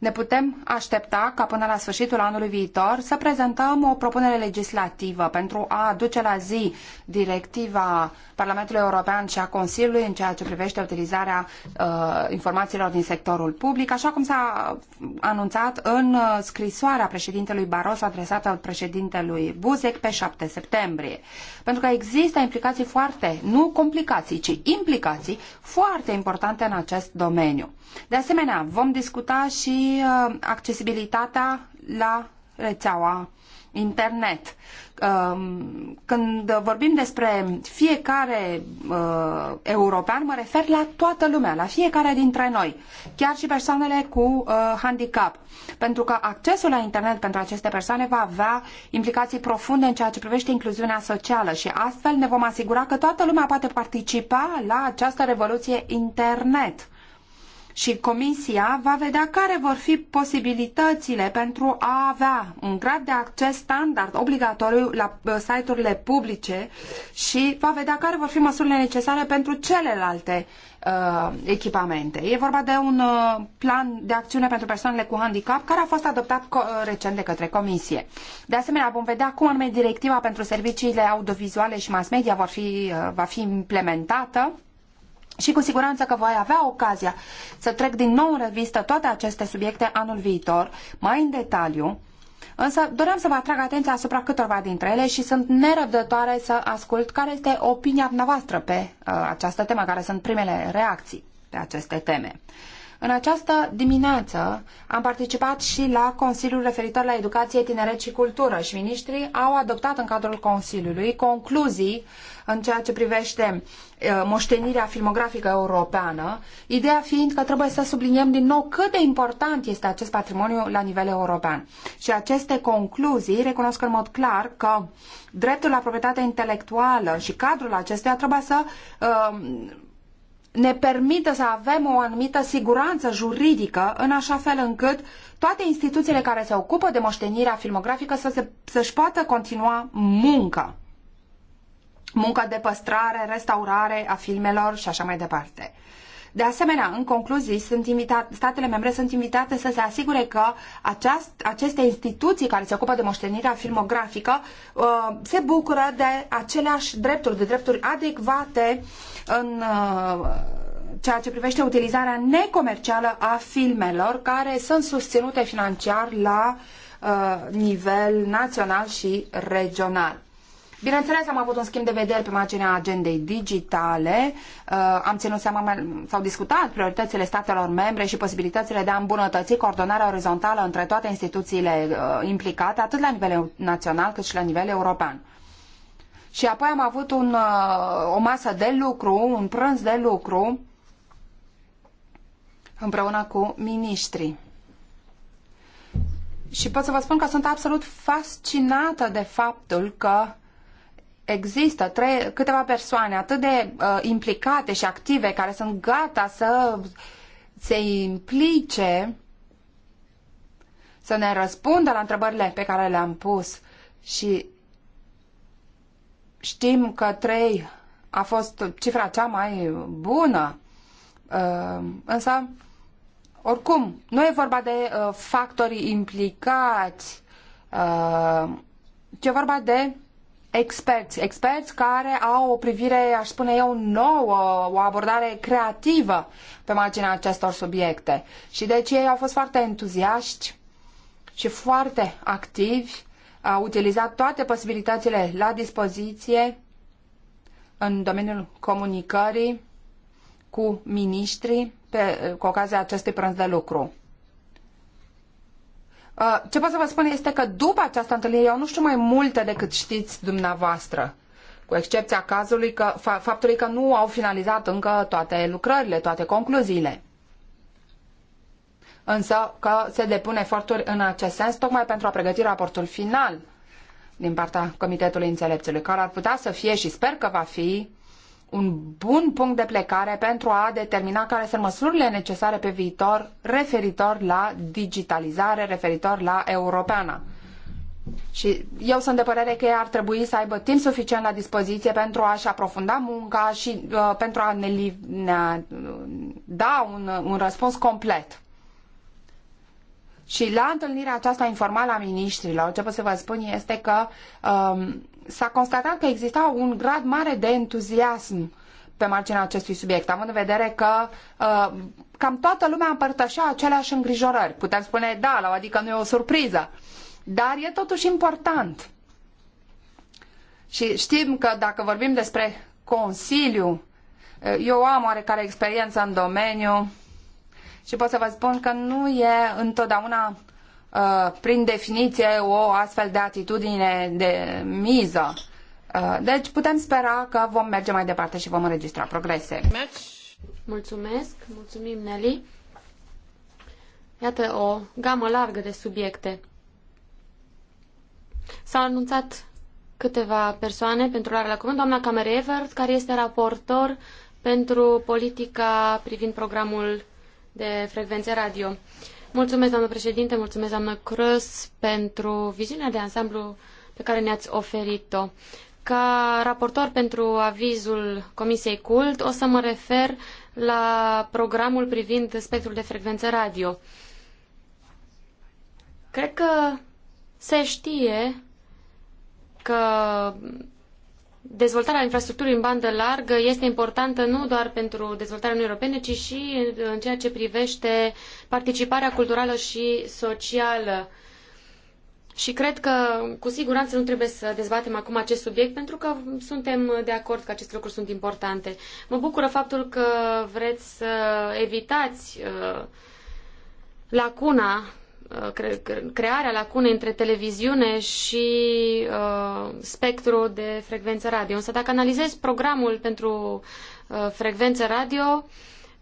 ne putem aștepta ca până la sfârșitul anului viitor să prezentăm o propunere legislativă pentru a aduce la zi directiva Parlamentului European și a Consiliului în ceea ce privește utilizarea uh, informațiilor din sectorul public, așa cum s-a anunțat în uh, scrisoarea președintelui Barroso adresată președintelui Buzek pe 7 septembrie. Pentru că există implicații foarte, nu complicații, ci implicații foarte importante în acest domeniu. De asemenea, vom discuta și Uh, accesibilitatea la rețeaua internet. Um, când vorbim despre fiecare uh, european, mă refer la toată lumea, la fiecare dintre noi, chiar și persoanele cu uh, handicap. Pentru că accesul la internet pentru aceste persoane va avea implicații profunde în ceea ce privește incluziunea socială și astfel ne vom asigura că toată lumea poate participa la această revoluție internet și Comisia va vedea care vor fi posibilitățile pentru a avea un grad de acces standard obligatoriu la uh, site-urile publice și va vedea care vor fi măsurile necesare pentru celelalte uh, echipamente. E vorba de un uh, plan de acțiune pentru persoanele cu handicap care a fost adoptat uh, recent de către Comisie. De asemenea, vom vedea cum anume directiva pentru serviciile audiovizuale și mass media vor fi, uh, va fi implementată și cu siguranță că voi avea ocazia să trec din nou în revistă toate aceste subiecte anul viitor, mai în detaliu, Însă doream să vă atrag atenția asupra câtorva dintre ele și sunt nerăbdătoare să ascult care este opinia dumneavoastră pe uh, această temă, care sunt primele reacții pe aceste teme. În această dimineață am participat și la Consiliul referitor la educație, tineret și cultură și ministrii au adoptat în cadrul Consiliului concluzii în ceea ce privește moștenirea filmografică europeană, ideea fiind că trebuie să subliniem din nou cât de important este acest patrimoniu la nivel european. Și aceste concluzii recunosc în mod clar că dreptul la proprietate intelectuală și cadrul acestuia trebuie să uh, ne permită să avem o anumită siguranță juridică în așa fel încât toate instituțiile care se ocupă de moștenirea filmografică să se, să-și poată continua munca. Munca de păstrare, restaurare a filmelor și așa mai departe. De asemenea, în concluzii, sunt statele membre sunt invitate să se asigure că aceast, aceste instituții care se ocupă de moștenirea filmografică uh, se bucură de aceleași drepturi, de drepturi adecvate în uh, ceea ce privește utilizarea necomercială a filmelor care sunt susținute financiar la uh, nivel național și regional. Bineînțeles, am avut un schimb de vedere pe marginea agendei digitale, uh, am ținut seama, s-au discutat prioritățile statelor membre și posibilitățile de a îmbunătăți coordonarea orizontală între toate instituțiile uh, implicate, atât la nivel național cât și la nivel european. Și apoi am avut un, uh, o masă de lucru, un prânz de lucru, împreună cu miniștrii. Și pot să vă spun că sunt absolut fascinată de faptul că există trei, câteva persoane atât de uh, implicate și active care sunt gata să se implice, să ne răspundă la întrebările pe care le-am pus și știm că trei a fost cifra cea mai bună, uh, însă oricum, nu e vorba de uh, factorii implicați, uh, ci e vorba de experți, experți care au o privire, aș spune eu, nouă, o abordare creativă pe marginea acestor subiecte. Și deci ei au fost foarte entuziaști și foarte activi, au utilizat toate posibilitățile la dispoziție în domeniul comunicării cu miniștrii pe, cu ocazia acestui prânz de lucru. Uh, ce pot să vă spun este că după această întâlnire eu nu știu mai multe decât știți dumneavoastră cu excepția cazului că, faptului că nu au finalizat încă toate lucrările, toate concluziile. Însă că se depun eforturi în acest sens tocmai pentru a pregăti raportul final din partea Comitetului Înțelepțului, care ar putea să fie și sper că va fi un bun punct de plecare pentru a determina care sunt măsurile necesare pe viitor referitor la digitalizare, referitor la europeană. Și eu sunt de părere că ei ar trebui să aibă timp suficient la dispoziție pentru a-și aprofunda munca și uh, pentru a ne, ne uh, da un, uh, un răspuns complet. Și la întâlnirea aceasta informală a ministrilor, ce pot să vă spun este că um, s-a constatat că exista un grad mare de entuziasm pe marginea acestui subiect, având în vedere că uh, cam toată lumea împărtășea aceleași îngrijorări. Putem spune, da, la adică nu e o surpriză, dar e totuși important. Și știm că dacă vorbim despre Consiliu, uh, eu am oarecare experiență în domeniu și pot să vă spun că nu e întotdeauna Uh, prin definiție o astfel de atitudine de miză. Uh, deci putem spera că vom merge mai departe și vom înregistra progrese. Mulțumesc, mulțumim Nelly. Iată o gamă largă de subiecte. S-au anunțat câteva persoane pentru luarea la cuvânt. Doamna Camerevert, care este raportor pentru politica privind programul de frecvențe radio. Uh, Mulțumesc, doamnă președinte, mulțumesc, doamnă Crăs, pentru viziunea de ansamblu pe care ne-ați oferit-o. Ca raportor pentru avizul Comisiei CULT, o să mă refer la programul privind spectrul de frecvență radio. Cred că se știe că dezvoltarea infrastructurii în bandă largă este importantă nu doar pentru dezvoltarea Uniunii Europene, ci și în ceea ce privește participarea culturală și socială. Și cred că cu siguranță nu trebuie să dezbatem acum acest subiect pentru că suntem de acord că aceste lucruri sunt importante. Mă bucură faptul că vreți să evitați uh, lacuna Uh, crearea lacunei între televiziune și uh, spectru de frecvență radio. Însă dacă analizezi programul pentru uh, frecvență radio,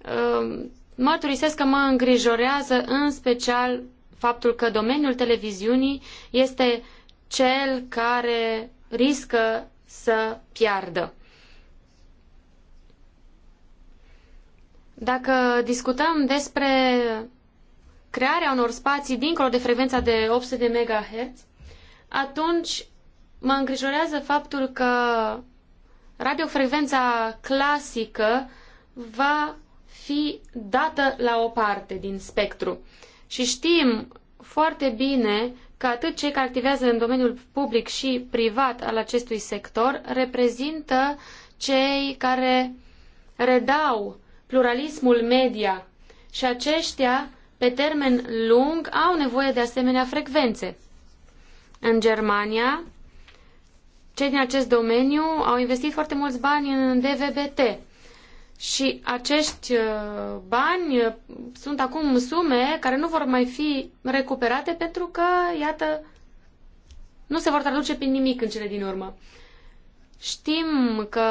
uh, mărturisesc că mă îngrijorează în special faptul că domeniul televiziunii este cel care riscă să piardă. Dacă discutăm despre crearea unor spații dincolo de frecvența de 800 de MHz, atunci mă îngrijorează faptul că radiofrecvența clasică va fi dată la o parte din spectru. Și știm foarte bine că atât cei care activează în domeniul public și privat al acestui sector reprezintă cei care redau pluralismul media și aceștia pe termen lung au nevoie de asemenea frecvențe. În Germania, cei din acest domeniu au investit foarte mulți bani în DVBT și acești uh, bani uh, sunt acum sume care nu vor mai fi recuperate pentru că, iată, nu se vor traduce prin nimic în cele din urmă. Știm că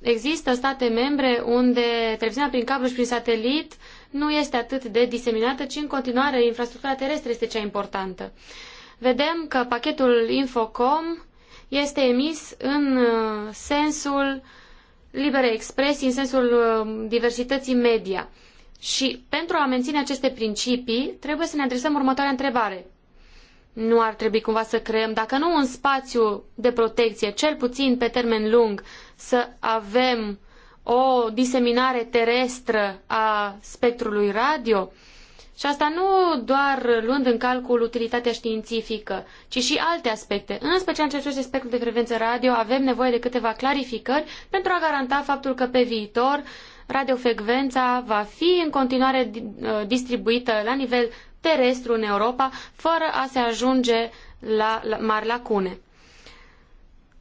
există state membre unde televiziunea prin cablu și prin satelit uh, nu este atât de diseminată, ci în continuare infrastructura terestră este cea importantă. Vedem că pachetul Infocom este emis în uh, sensul liberei expresii, în sensul uh, diversității media. Și pentru a menține aceste principii, trebuie să ne adresăm următoarea întrebare. Nu ar trebui cumva să creăm, dacă nu un spațiu de protecție, cel puțin pe termen lung, să avem o diseminare terestră a spectrului radio. Și asta nu doar luând în calcul utilitatea științifică, ci și alte aspecte. În special în ceea ce privește spectrul de frecvență radio, avem nevoie de câteva clarificări pentru a garanta faptul că pe viitor radiofrecvența va fi în continuare ă, distribuită la nivel terestru în Europa, fără a se ajunge la mari lacune.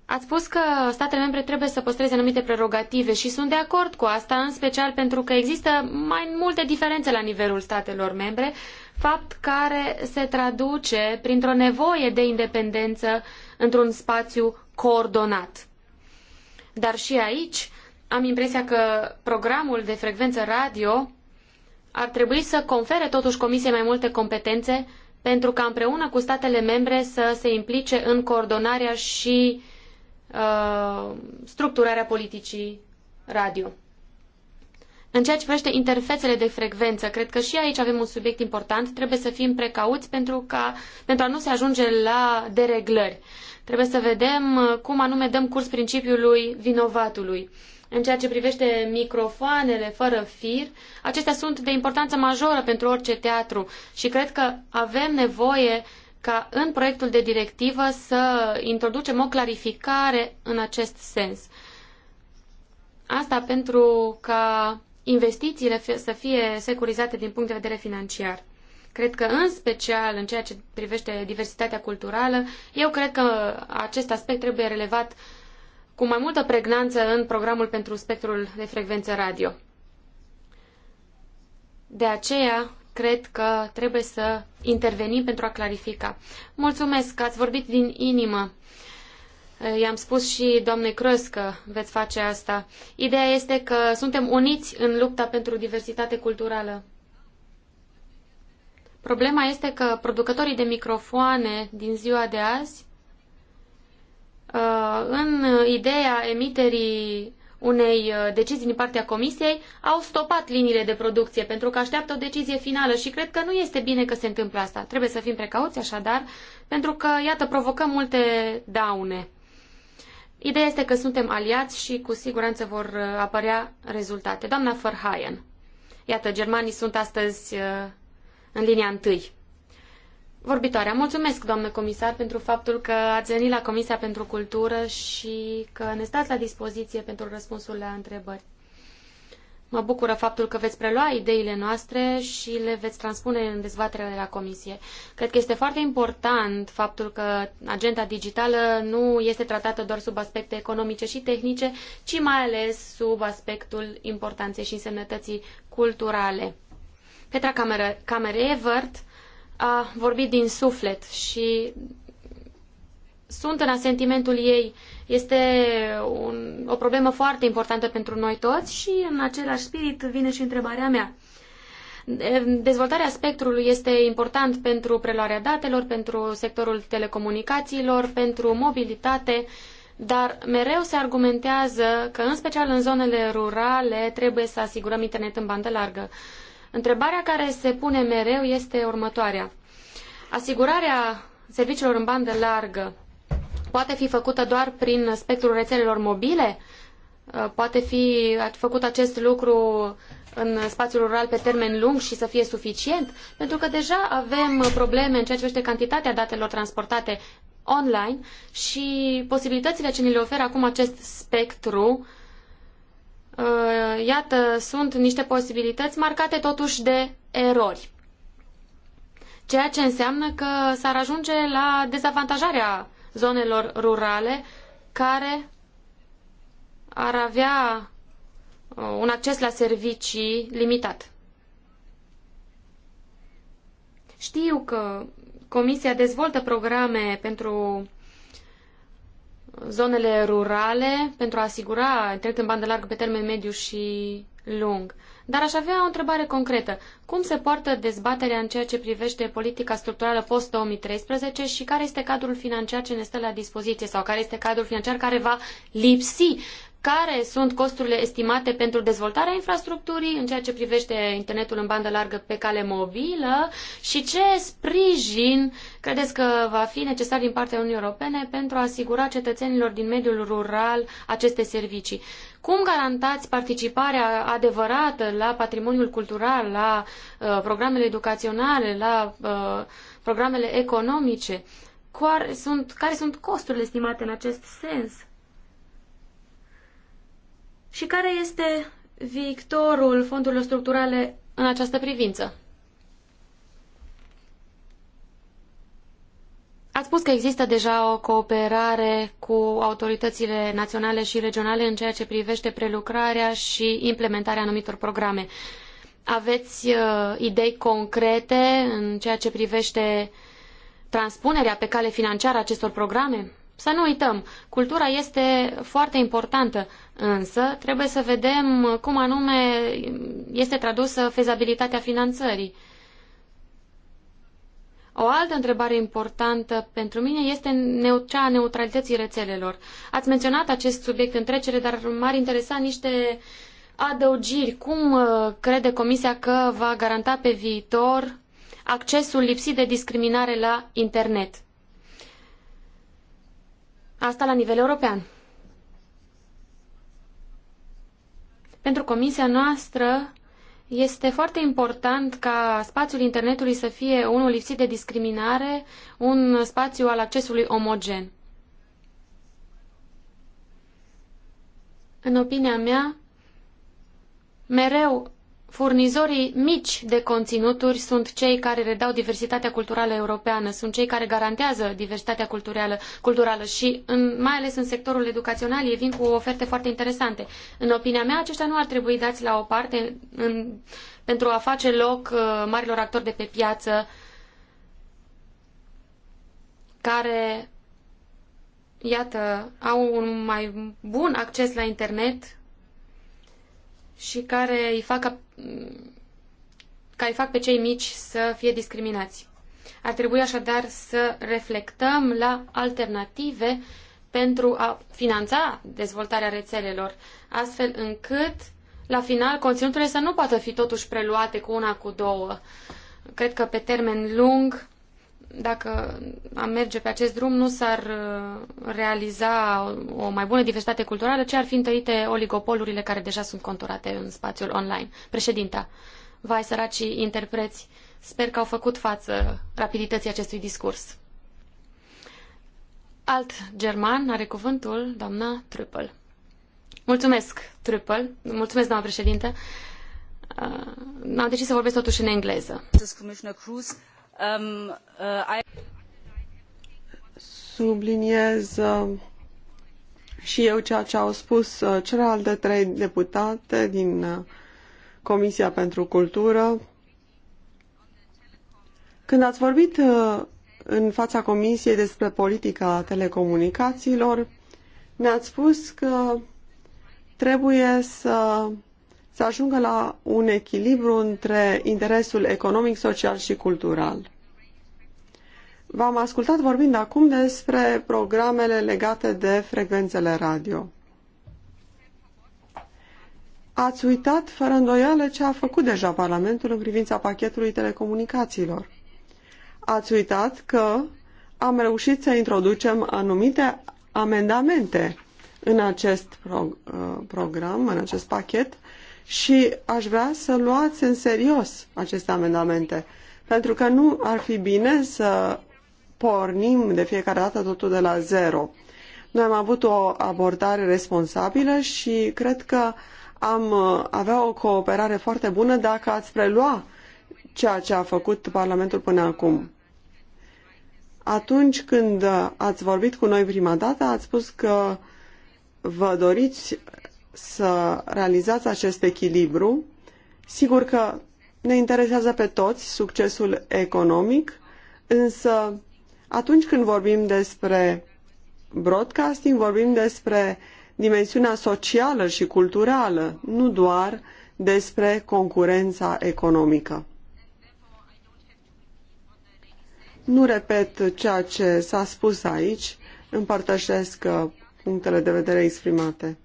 Ați spus că statele membre trebuie să păstreze anumite prerogative și sunt de acord cu asta, în special pentru că există mai multe diferențe la nivelul statelor membre, fapt care se traduce printr-o nevoie de independență într-un spațiu coordonat. Dar și aici am impresia că programul de frecvență radio ar trebui să confere totuși Comisiei mai multe competențe pentru ca împreună cu statele membre să se implice în coordonarea și uh, uh, structurarea politicii radio. În ceea ce privește interfețele de frecvență, cred că și aici avem un subiect important. Trebuie să fim precauți pentru, ca, pentru a nu se ajunge la dereglări. Trebuie să vedem uh, cum anume dăm curs principiului vinovatului. În ceea ce privește microfoanele fără fir, acestea sunt de importanță majoră pentru orice teatru și cred că avem nevoie ca în proiectul de directivă să introducem o clarificare în acest sens. Asta pentru ca investițiile să fie securizate din punct de vedere financiar. Cred că, în special, în ceea ce privește diversitatea culturală, eu cred că acest aspect trebuie relevat cu mai multă pregnanță în programul pentru spectrul de frecvență radio. De aceea, cred că trebuie să intervenim pentru a clarifica. Mulțumesc că ați vorbit din inimă. Eh, I-am spus și doamnei Crăs că veți face asta. Ideea este că suntem uniți în lupta pentru diversitate culturală. Problema este că producătorii de microfoane din ziua de azi, eh, în ideea emiterii unei uh, decizii din partea Comisiei, au stopat liniile de producție pentru că așteaptă o decizie finală și cred că nu este bine că se întâmplă asta. Trebuie să fim precauți așadar, pentru că, iată, provocăm multe daune. Ideea este că suntem aliați și cu siguranță vor uh, apărea rezultate. Doamna Verheyen, iată, germanii sunt astăzi uh, în linia întâi. Vorbitoarea, mulțumesc, doamnă comisar, pentru faptul că ați venit la Comisia pentru Cultură și că ne stați la dispoziție pentru răspunsul la întrebări. Mă bucură faptul că veți prelua ideile noastre și le veți transpune în dezbaterea de la Comisie. Cred că este foarte important faptul că agenda digitală nu este tratată doar sub aspecte economice și tehnice, ci mai ales sub aspectul importanței și însemnătății culturale. Petra Camere, Camere, Evert a vorbit din suflet și sunt în asentimentul ei. Este un, o problemă foarte importantă pentru noi toți și în același spirit vine și întrebarea mea. Dezvoltarea spectrului este important pentru preluarea datelor, pentru sectorul telecomunicațiilor, pentru mobilitate, dar mereu se argumentează că, în special în zonele rurale, trebuie să asigurăm internet în bandă largă. Întrebarea care se pune mereu este următoarea. Asigurarea serviciilor în bandă largă poate fi făcută doar prin spectrul rețelelor mobile? Uh, poate fi făcut acest lucru în spațiul rural pe termen lung și să fie suficient? Pentru că deja avem probleme în ceea ce privește cantitatea datelor transportate online și posibilitățile ce ni le oferă acum acest spectru uh, Uh, iată, sunt niște posibilități marcate totuși de erori. Ceea ce înseamnă că s-ar ajunge la dezavantajarea zonelor rurale care ar avea uh, un acces la servicii limitat. Știu că Comisia dezvoltă programe pentru zonele rurale pentru a asigura internet în bandă largă pe termen mediu și lung. Dar aș avea o întrebare concretă. Cum se poartă dezbaterea în ceea ce privește politica structurală post-2013 și care este cadrul financiar ce ne stă la dispoziție sau care este cadrul financiar care va lipsi care sunt costurile estimate pentru dezvoltarea infrastructurii în ceea ce privește internetul în bandă largă pe cale mobilă și ce sprijin credeți că va fi necesar din partea Uniunii Europene pentru a asigura cetățenilor din mediul rural aceste servicii? Cum garantați participarea adevărată la patrimoniul cultural, la uh, programele educaționale, la uh, programele economice? Care sunt, care sunt costurile estimate în acest sens? Și care este victorul fondurilor structurale în această privință? Ați spus că există deja o cooperare cu autoritățile naționale și regionale în ceea ce privește prelucrarea și implementarea anumitor programe. Aveți uh, idei concrete în ceea ce privește transpunerea pe cale financiară acestor programe? Să nu uităm, cultura este foarte importantă, însă trebuie să vedem cum anume este tradusă fezabilitatea finanțării. O altă întrebare importantă pentru mine este cea a neutralității rețelelor. Ați menționat acest subiect în trecere, dar m-ar interesa niște adăugiri. Cum uh, crede Comisia că va garanta pe viitor accesul lipsit de discriminare la internet? Asta la nivel european. Pentru comisia noastră este foarte important ca spațiul internetului să fie unul lipsit de discriminare, un spațiu al accesului omogen. În opinia mea, mereu Furnizorii mici de conținuturi sunt cei care redau diversitatea culturală europeană, sunt cei care garantează diversitatea culturală, culturală și în, mai ales în sectorul educațional ei vin cu oferte foarte interesante. În opinia mea, aceștia nu ar trebui dați la o parte în, pentru a face loc uh, marilor actori de pe piață care, iată, au un mai bun acces la internet și care îi fac care fac pe cei mici să fie discriminați. Ar trebui așadar să reflectăm la alternative pentru a finanța dezvoltarea rețelelor, astfel încât, la final, conținuturile să nu poată fi totuși preluate cu una, cu două. Cred că pe termen lung dacă am merge pe acest drum, nu s-ar uh, realiza o mai bună diversitate culturală, ci ar fi întărite oligopolurile care deja sunt conturate în spațiul online. Președinta, vai săracii interpreți, sper că au făcut față rapidității acestui discurs. Alt german are cuvântul doamna Trüppel. Mulțumesc, Trüppel. Mulțumesc, doamna președinte. Uh, am decis să vorbesc totuși în engleză. Um, uh, I... Subliniez uh, și eu ceea ce au spus uh, celelalte trei deputate din Comisia pentru Cultură. Când ați vorbit în fața Comisiei despre politica telecomunicațiilor, ne-ați spus că trebuie să să ajungă la un echilibru între interesul economic, social și cultural. V-am ascultat vorbind acum despre programele legate de frecvențele radio. Ați uitat fără îndoială ce a făcut deja Parlamentul în privința pachetului telecomunicațiilor. Ați uitat că am reușit să introducem anumite amendamente în acest uh, program, în acest pachet, și aș vrea să luați în serios aceste amendamente, pentru că nu ar fi bine să pornim de fiecare dată totul de la zero. Noi am avut o abordare responsabilă și cred că am uh, avea o cooperare foarte bună dacă ați prelua ceea ce a făcut Parlamentul până acum. Atunci când uh, ați vorbit cu noi prima dată, ați spus că vă doriți să realizați acest echilibru. Sigur că ne interesează pe toți succesul economic, însă atunci când vorbim despre broadcasting, vorbim despre dimensiunea socială și culturală, nu doar despre concurența economică. Nu repet ceea ce s-a spus aici, împărtășesc uh, punctele de vedere exprimate.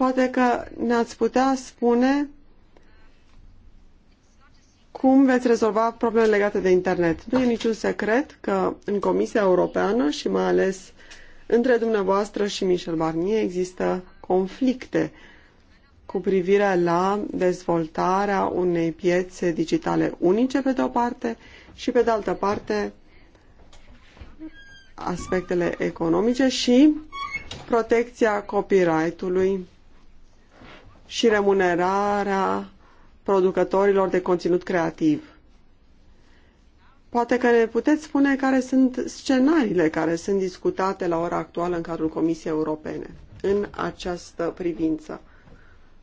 Poate că ne-ați putea spune cum veți rezolva problemele legate de internet. Nu e niciun secret că în Comisia Europeană și mai ales între dumneavoastră și Michel Barnier există conflicte cu privire la dezvoltarea unei piețe digitale unice pe de o parte și pe de altă parte aspectele economice și protecția copyright-ului și remunerarea producătorilor de conținut creativ. Poate că ne puteți spune care sunt scenariile care sunt discutate la ora actuală în cadrul Comisiei Europene în această privință.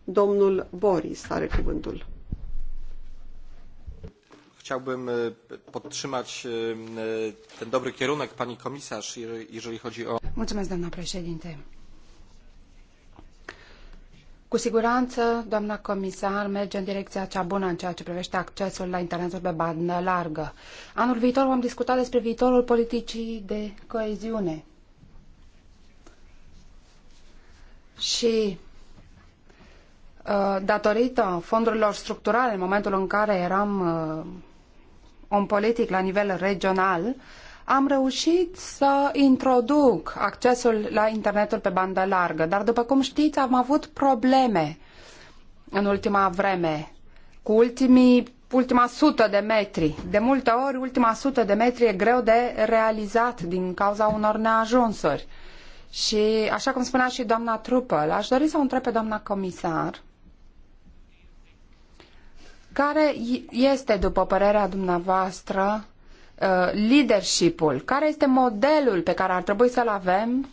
Domnul Boris are cuvântul. Chciałbym podtrzymać ten dobry kierunek pani komisarz, jeżeli chodzi o... Mulțumesc, doamna președinte. Cu siguranță, doamna comisar merge în direcția cea bună în ceea ce privește accesul la internetul pe bandă largă. Anul viitor vom discuta despre viitorul politicii de coeziune. Și uh, datorită fondurilor structurale, în momentul în care eram om uh, politic la nivel regional, am reușit să introduc accesul la internetul pe bandă largă, dar după cum știți am avut probleme în ultima vreme cu ultimii ultima sută de metri. De multe ori, ultima sută de metri e greu de realizat din cauza unor neajunsuri. Și, așa cum spunea și doamna Trupel, aș dori să o întreb pe doamna comisar, care este, după părerea dumneavoastră, Uh, leadershipul care este modelul pe care ar trebui să-l avem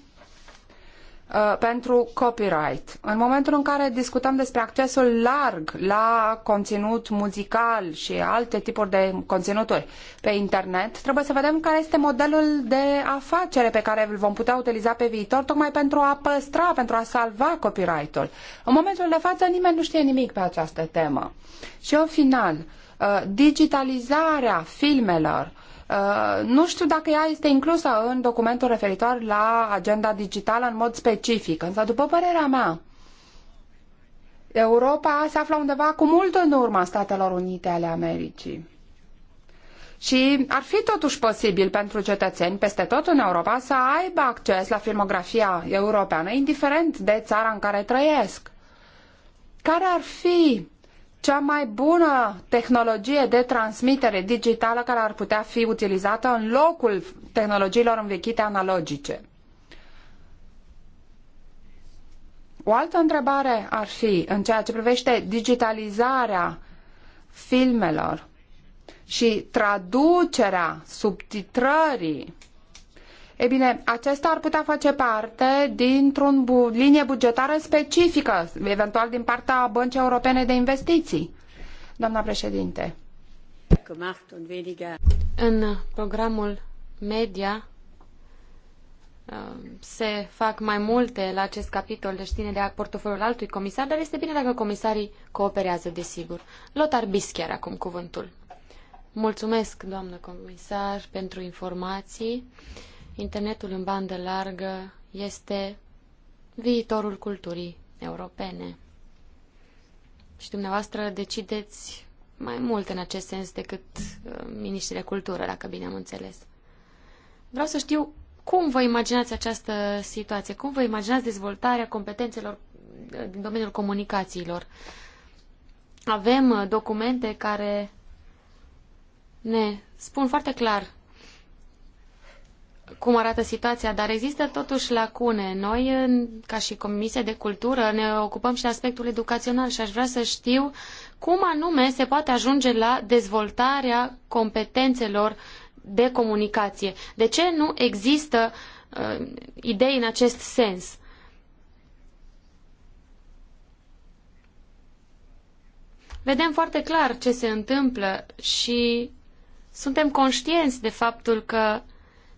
uh, pentru copyright. În momentul în care discutăm despre accesul larg la conținut muzical și alte tipuri de conținuturi pe internet, trebuie să vedem care este modelul de afacere pe care îl vom putea utiliza pe viitor tocmai pentru a păstra, pentru a salva copyright-ul. În momentul de față nimeni nu știe nimic pe această temă. Și în final, uh, digitalizarea filmelor, Uh, nu știu dacă ea este inclusă în documentul referitor la agenda digitală în mod specific, însă după părerea mea, Europa se află undeva cu mult în urma Statelor Unite ale Americii. Și ar fi totuși posibil pentru cetățeni peste tot în Europa să aibă acces la filmografia europeană, indiferent de țara în care trăiesc. Care ar fi cea mai bună tehnologie de transmitere digitală care ar putea fi utilizată în locul tehnologiilor învechite analogice. O altă întrebare ar fi în ceea ce privește digitalizarea filmelor și traducerea subtitrării E bine, acesta ar putea face parte dintr-o bu linie bugetară specifică, eventual din partea Băncii Europene de Investiții. Doamna președinte. În programul media uh, se fac mai multe la acest capitol, deci ține de portofoliul altui comisar, dar este bine dacă comisarii cooperează, desigur. Lothar Bischiar, acum cuvântul. Mulțumesc, doamnă comisar, pentru informații. Uh, internetul în bandă largă este viitorul culturii europene. Și dumneavoastră decideți mai mult în acest sens decât uh, Ministrile de Cultură, dacă bine am înțeles. Vreau să știu cum vă imaginați această situație, cum vă imaginați dezvoltarea competențelor uh, din domeniul comunicațiilor. Avem uh, documente care ne spun foarte clar cum arată situația, dar există totuși lacune. Noi, ca și Comisie de Cultură, ne ocupăm și de aspectul educațional și aș vrea să știu cum anume se poate ajunge la dezvoltarea competențelor de comunicație. De ce nu există uh, idei în acest sens? Vedem foarte clar ce se întâmplă și suntem conștienți de faptul că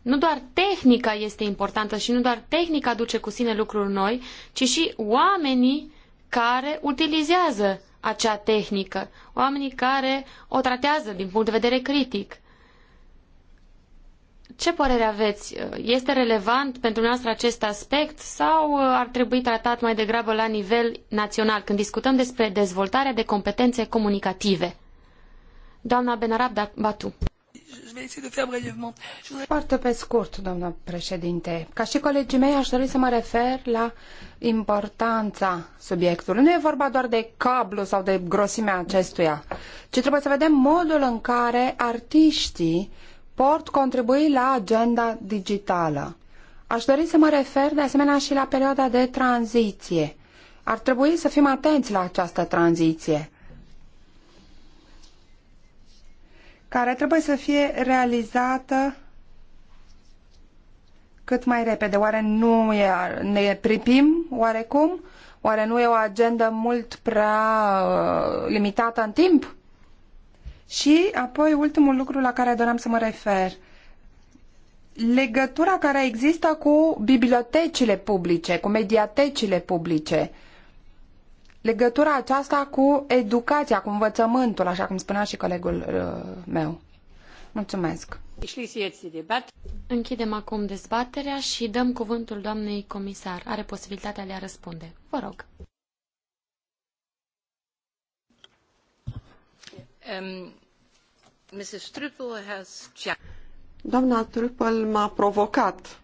nu doar tehnica este importantă și nu doar tehnica duce cu sine lucruri noi, ci și oamenii care utilizează acea tehnică, oamenii care o tratează din punct de vedere critic. Ce părere aveți? Este relevant pentru noastră acest aspect sau ar trebui tratat mai degrabă la nivel național când discutăm despre dezvoltarea de competențe comunicative? Doamna Benarab Batu. Foarte pe scurt, doamnă președinte. Ca și colegii mei, aș dori să mă refer la importanța subiectului. Nu e vorba doar de cablu sau de grosimea acestuia, ci trebuie să vedem modul în care artiștii pot contribui la agenda digitală. Aș dori să mă refer de asemenea și la perioada de tranziție. Ar trebui să fim atenți la această tranziție care trebuie să fie realizată cât mai repede. Oare nu e, ne pripim oarecum? Oare nu e o agendă mult prea uh, limitată în timp? Și apoi ultimul lucru la care doream să mă refer. Legătura care există cu bibliotecile publice, cu mediatecile publice. Uh, legătura aceasta cu educația, cu învățământul, așa cum spunea și colegul uh, meu. Mulțumesc. Închidem acum dezbaterea și dăm cuvântul doamnei comisar. Are posibilitatea de a răspunde. Vă rog. Um, Doamna Trupel m-a provocat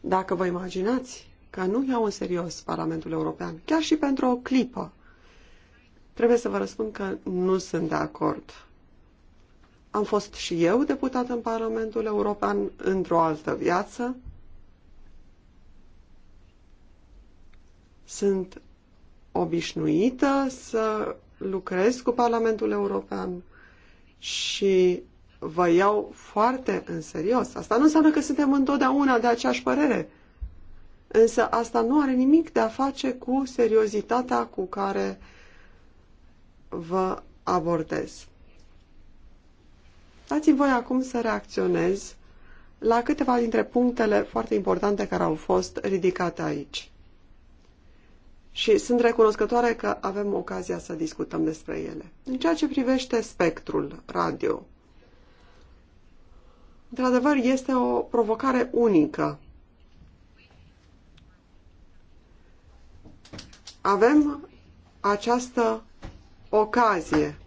Dacă vă imaginați că nu iau în serios Parlamentul European, chiar și pentru o clipă, trebuie să vă răspund că nu sunt de acord. Am fost și eu deputat în Parlamentul European într-o altă viață. Sunt obișnuită să lucrez cu Parlamentul European și vă iau foarte în serios. Asta nu înseamnă că suntem întotdeauna de aceeași părere. Însă asta nu are nimic de a face cu seriozitatea cu care vă abordez. Dați-mi voi acum să reacționez la câteva dintre punctele foarte importante care au fost ridicate aici. Și sunt recunoscătoare că avem ocazia să discutăm despre ele. În ceea ce privește spectrul radio, Într-adevăr, este o provocare unică. Avem această ocazie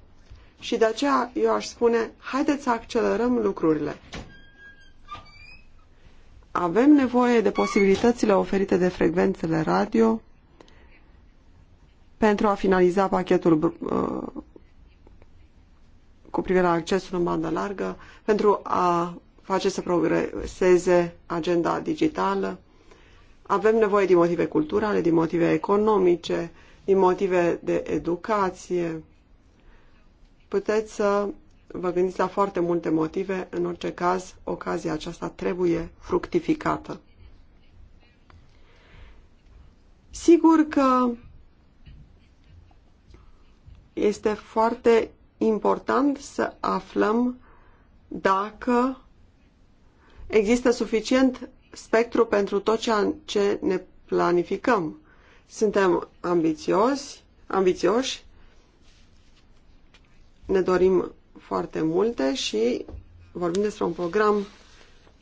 și de aceea eu aș spune, haideți să accelerăm lucrurile. Avem nevoie de posibilitățile oferite de frecvențele radio pentru a finaliza pachetul uh, cu privire la accesul în bandă largă, pentru a face să progreseze agenda digitală. Avem nevoie din motive culturale, din motive economice, din motive de educație. Puteți să vă gândiți la foarte multe motive. În orice caz, ocazia aceasta trebuie fructificată. Sigur că este foarte important să aflăm dacă Există suficient spectru pentru tot ceea ce ne planificăm. Suntem ambițioși, ambițioși, ne dorim foarte multe și vorbim despre un program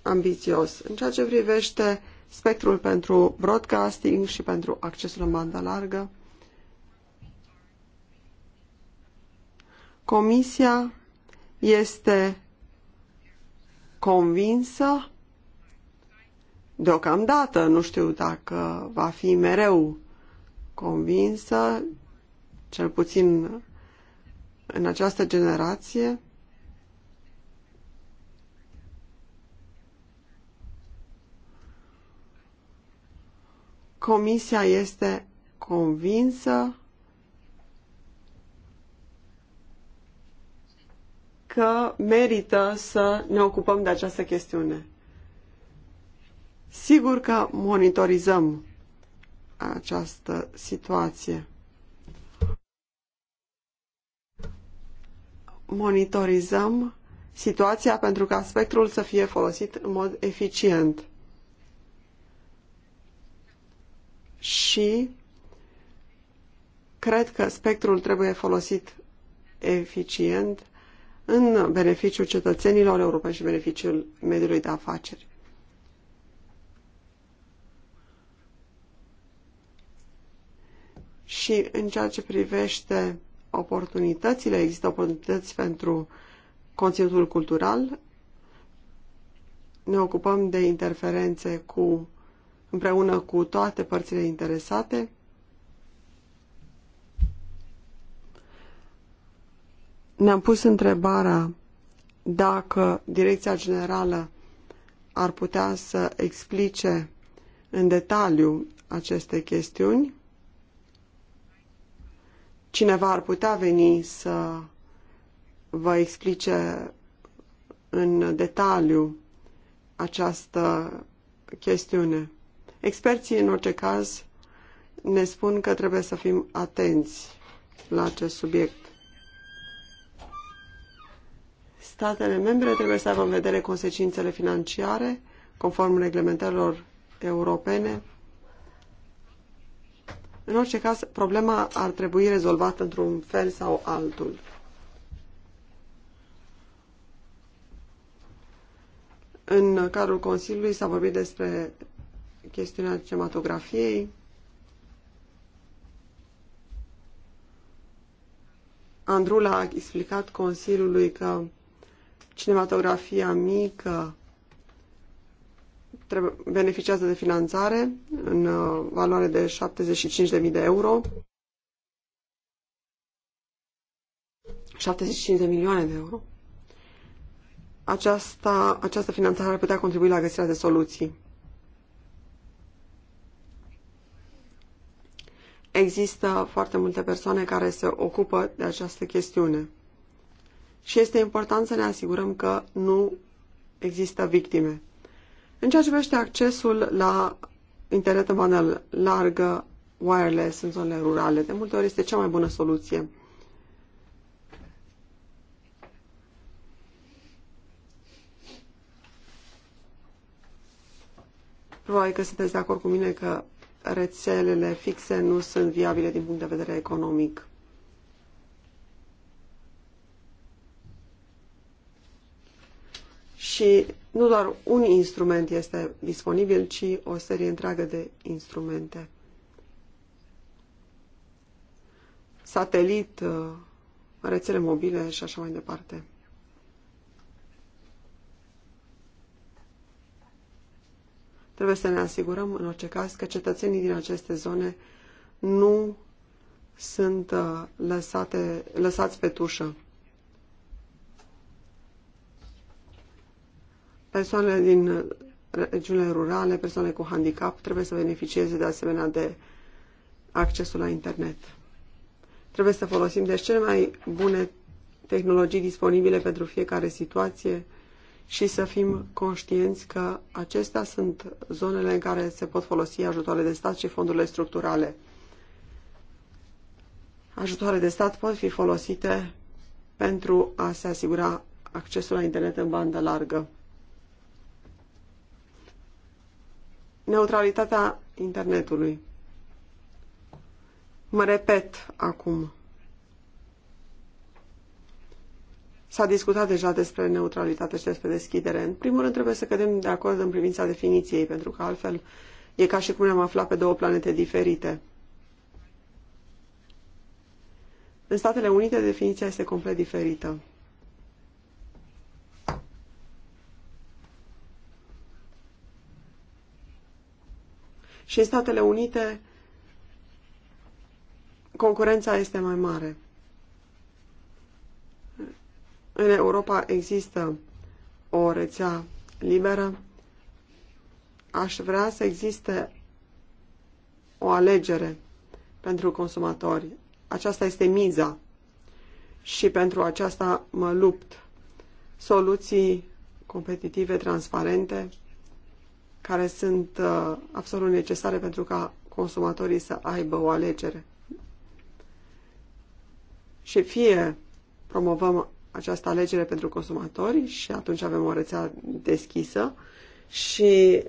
ambițios. În ceea ce privește spectrul pentru broadcasting și pentru accesul în banda largă, Comisia este convinsă deocamdată, nu știu dacă va fi mereu convinsă, cel puțin în această generație, Comisia este convinsă că merită să ne ocupăm de această chestiune. Sigur că monitorizăm această situație. Monitorizăm situația pentru ca spectrul să fie folosit în mod eficient. Și cred că spectrul trebuie folosit eficient în beneficiul cetățenilor europeni și beneficiul mediului de afaceri. Și în ceea ce privește oportunitățile, există oportunități pentru conținutul cultural. Ne ocupăm de interferențe cu, împreună cu toate părțile interesate. ne-am pus întrebarea dacă Direcția Generală ar putea să explice în detaliu aceste chestiuni. Cineva ar putea veni să vă explice în detaliu această chestiune. Experții, în orice caz, ne spun că trebuie să fim atenți la acest subiect. statele membre trebuie să aibă în vedere consecințele financiare conform reglementărilor europene. În orice caz, problema ar trebui rezolvată într-un fel sau altul. În cadrul Consiliului s-a vorbit despre chestiunea cinematografiei. Andrula a explicat Consiliului că Cinematografia mică trebuie, beneficiază de finanțare în uh, valoare de 75.000 de euro. 75 de milioane de euro. Aceasta, această finanțare ar putea contribui la găsirea de soluții. Există foarte multe persoane care se ocupă de această chestiune și este important să ne asigurăm că nu există victime. În ceea ce privește accesul la internet în bandă largă, wireless în zonele rurale, de multe ori este cea mai bună soluție. Probabil că sunteți de acord cu mine că rețelele fixe nu sunt viabile din punct de vedere economic. și nu doar un instrument este disponibil, ci o serie întreagă de instrumente. Satelit, uh, rețele mobile și așa mai departe. Trebuie să ne asigurăm, în orice caz, că cetățenii din aceste zone nu sunt uh, lăsate, lăsați pe tușă. Persoanele din regiunile rurale, persoane cu handicap, trebuie să beneficieze de asemenea de accesul la internet. Trebuie să folosim deci cele mai bune tehnologii disponibile pentru fiecare situație și să fim conștienți că acestea sunt zonele în care se pot folosi ajutoare de stat și fondurile structurale. Ajutoare de stat pot fi folosite pentru a se asigura accesul la internet în bandă largă. neutralitatea internetului. Mă repet acum. S-a discutat deja despre neutralitate și despre deschidere. În primul rând trebuie să cădem de acord în privința definiției, pentru că altfel e ca și cum ne-am aflat pe două planete diferite. În Statele Unite definiția este complet diferită. și în Statele Unite concurența este mai mare. În Europa există o rețea liberă. Aș vrea să existe o alegere pentru consumatori. Aceasta este miza și pentru aceasta mă lupt. Soluții competitive, transparente, care sunt uh, absolut necesare pentru ca consumatorii să aibă o alegere. Și fie promovăm această alegere pentru consumatori și atunci avem o rețea deschisă și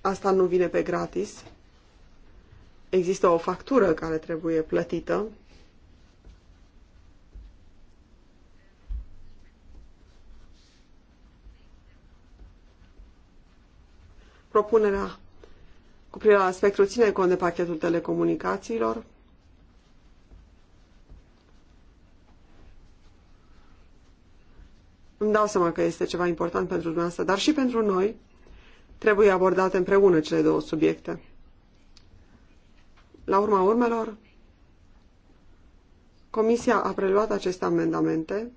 asta nu vine pe gratis. Există o factură care trebuie plătită Propunerea cu privire la spectru ține cont de pachetul telecomunicațiilor. Îmi dau seama că este ceva important pentru dumneavoastră, dar și pentru noi trebuie abordate împreună cele două subiecte. La urma urmelor, Comisia a preluat aceste amendamente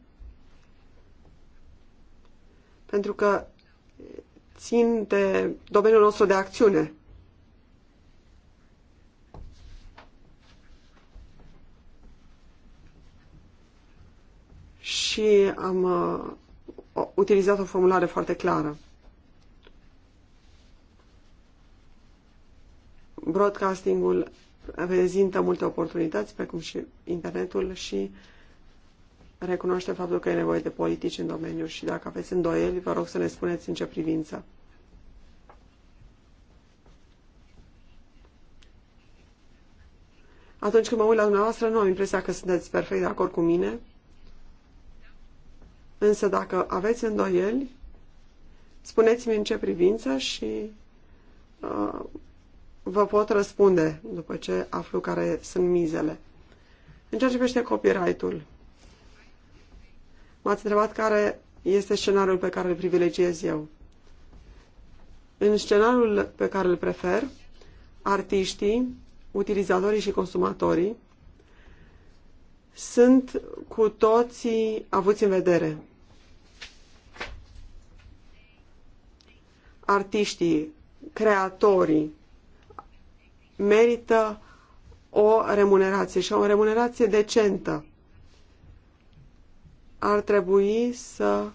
pentru că țin de domeniul nostru de acțiune. Și am uh, utilizat o formulare foarte clară. Broadcastingul reprezintă multe oportunități, precum și internetul și uh, recunoaște faptul că e nevoie de politici în domeniu și dacă aveți îndoieli, vă rog să ne spuneți în ce privință. Atunci când mă uit la dumneavoastră, nu am impresia că sunteți perfect de acord cu mine, însă dacă aveți îndoieli, spuneți-mi în ce privință și uh, vă pot răspunde după ce aflu care sunt mizele. În ceea ce privește copyright-ul, M-ați întrebat care este scenariul pe care îl privilegiez eu. În scenariul pe care îl prefer, artiștii, utilizatorii și consumatorii sunt cu toții avuți în vedere. Artiștii, creatorii merită o remunerație și o remunerație decentă ar trebui să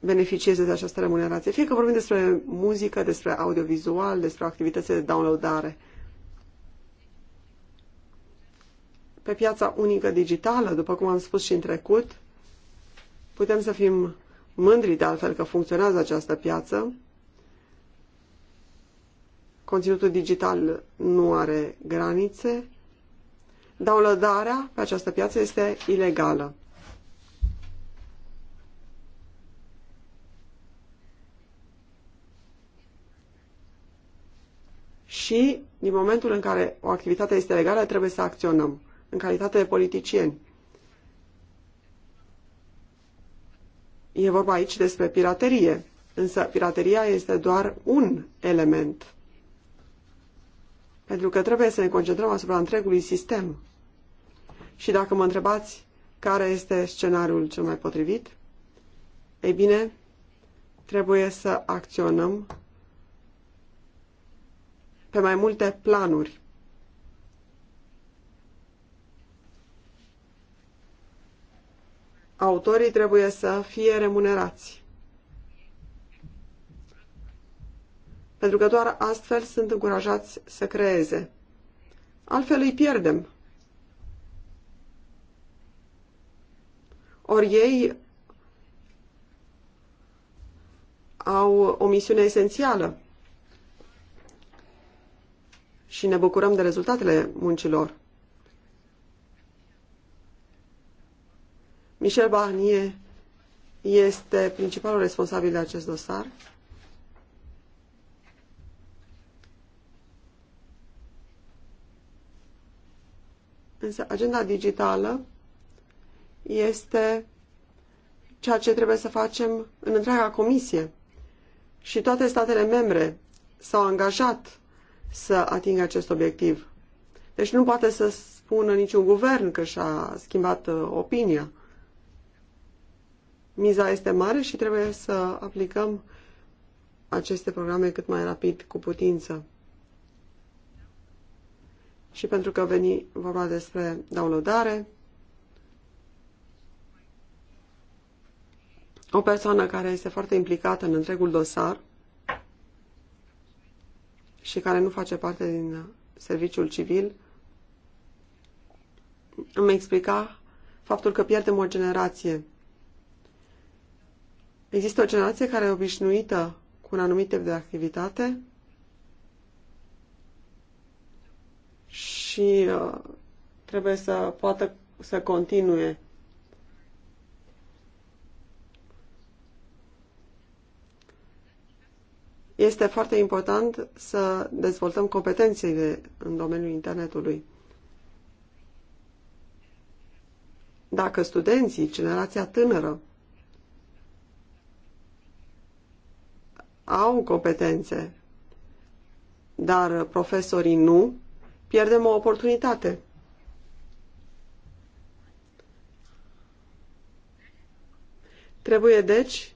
beneficieze de această remunerație. Fie că vorbim despre muzică, despre audiovizual, despre activități de downloadare. Pe piața unică digitală, după cum am spus și în trecut, putem să fim mândri de altfel că funcționează această piață. Conținutul digital nu are granițe. Downloadarea pe această piață este ilegală. și din momentul în care o activitate este legală, trebuie să acționăm în calitate de politicieni. E vorba aici despre piraterie, însă pirateria este doar un element. Pentru că trebuie să ne concentrăm asupra întregului sistem. Și dacă mă întrebați care este scenariul cel mai potrivit, ei bine, trebuie să acționăm pe mai multe planuri. Autorii trebuie să fie remunerați. Pentru că doar astfel sunt încurajați să creeze. Altfel îi pierdem. Ori ei au o misiune esențială și ne bucurăm de rezultatele muncilor. Michel Barnier este principalul responsabil de acest dosar. Însă agenda digitală este ceea ce trebuie să facem în întreaga comisie. Și toate statele membre s-au angajat să atingă acest obiectiv. Deci nu poate să spună niciun guvern că și-a schimbat uh, opinia. Miza este mare și trebuie să aplicăm aceste programe cât mai rapid, cu putință. Și pentru că veni vorba despre downloadare, o persoană care este foarte implicată în întregul dosar și care nu face parte din serviciul civil, îmi explica faptul că pierdem o generație. Există o generație care e obișnuită cu un anumit tip de activitate și uh, trebuie să poată să continue Este foarte important să dezvoltăm competențele în domeniul internetului. Dacă studenții, generația tânără, au competențe, dar profesorii nu, pierdem o oportunitate. Trebuie, deci,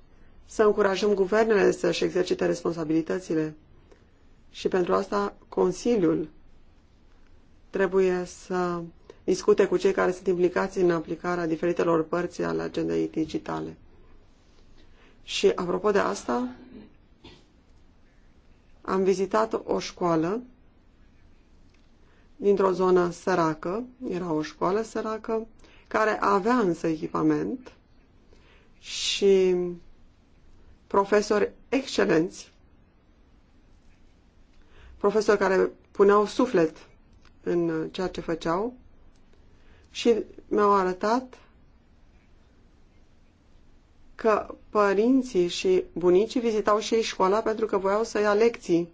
să încurajăm guvernele să-și exercite responsabilitățile. Și pentru asta Consiliul trebuie să discute cu cei care sunt implicați în aplicarea diferitelor părți ale agendei digitale. Și apropo de asta, am vizitat o școală dintr-o zonă săracă, era o școală săracă, care avea însă echipament și profesori excelenți, profesori care puneau suflet în ceea ce făceau și mi-au arătat că părinții și bunicii vizitau și ei școala pentru că voiau să ia lecții.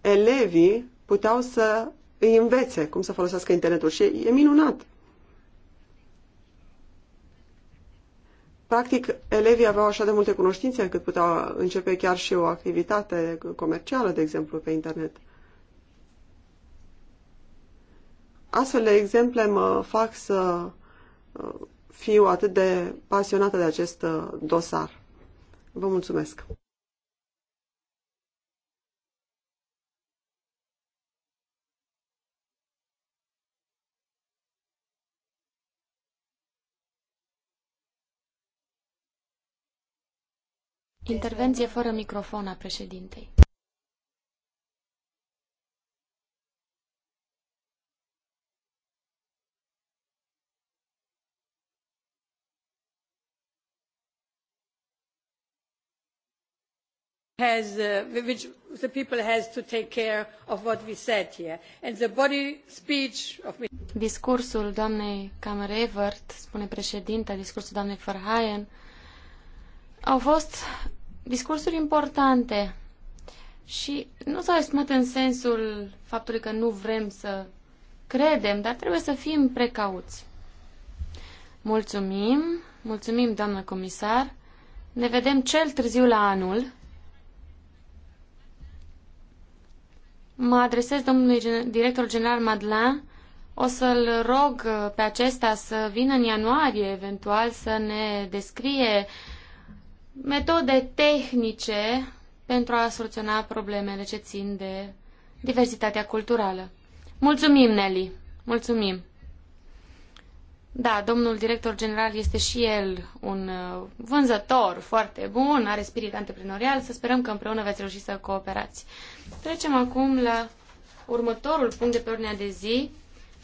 Elevii puteau să îi învețe cum să folosească internetul și e minunat. Practic, elevii aveau așa de multe cunoștințe încât puteau începe chiar și o activitate comercială, de exemplu, pe internet. Astfel de exemple mă fac să uh, fiu atât de pasionată de acest uh, dosar. Vă mulțumesc! Intervenție fără microfon a președintei. Has, uh, which the people has to take care of what we said here. And the body speech of Discursul doamnei Camerevert, spune președinta, discursul doamnei Verheyen, au fost discursuri importante și nu s-au exprimat în sensul faptului că nu vrem să credem, dar trebuie să fim precauți. Mulțumim, mulțumim, doamnă comisar. Ne vedem cel târziu la anul. Mă adresez domnului director general Madla, O să-l rog uh, pe acesta să vină în ianuarie, eventual, să ne descrie metode tehnice pentru a soluționa problemele ce țin de diversitatea culturală. Mulțumim, Nelly! Mulțumim! Da, domnul director general este și el un uh, vânzător foarte bun, are spirit antreprenorial, să sperăm că împreună veți reuși să cooperați. Trecem acum la următorul punct de pe ordinea de zi.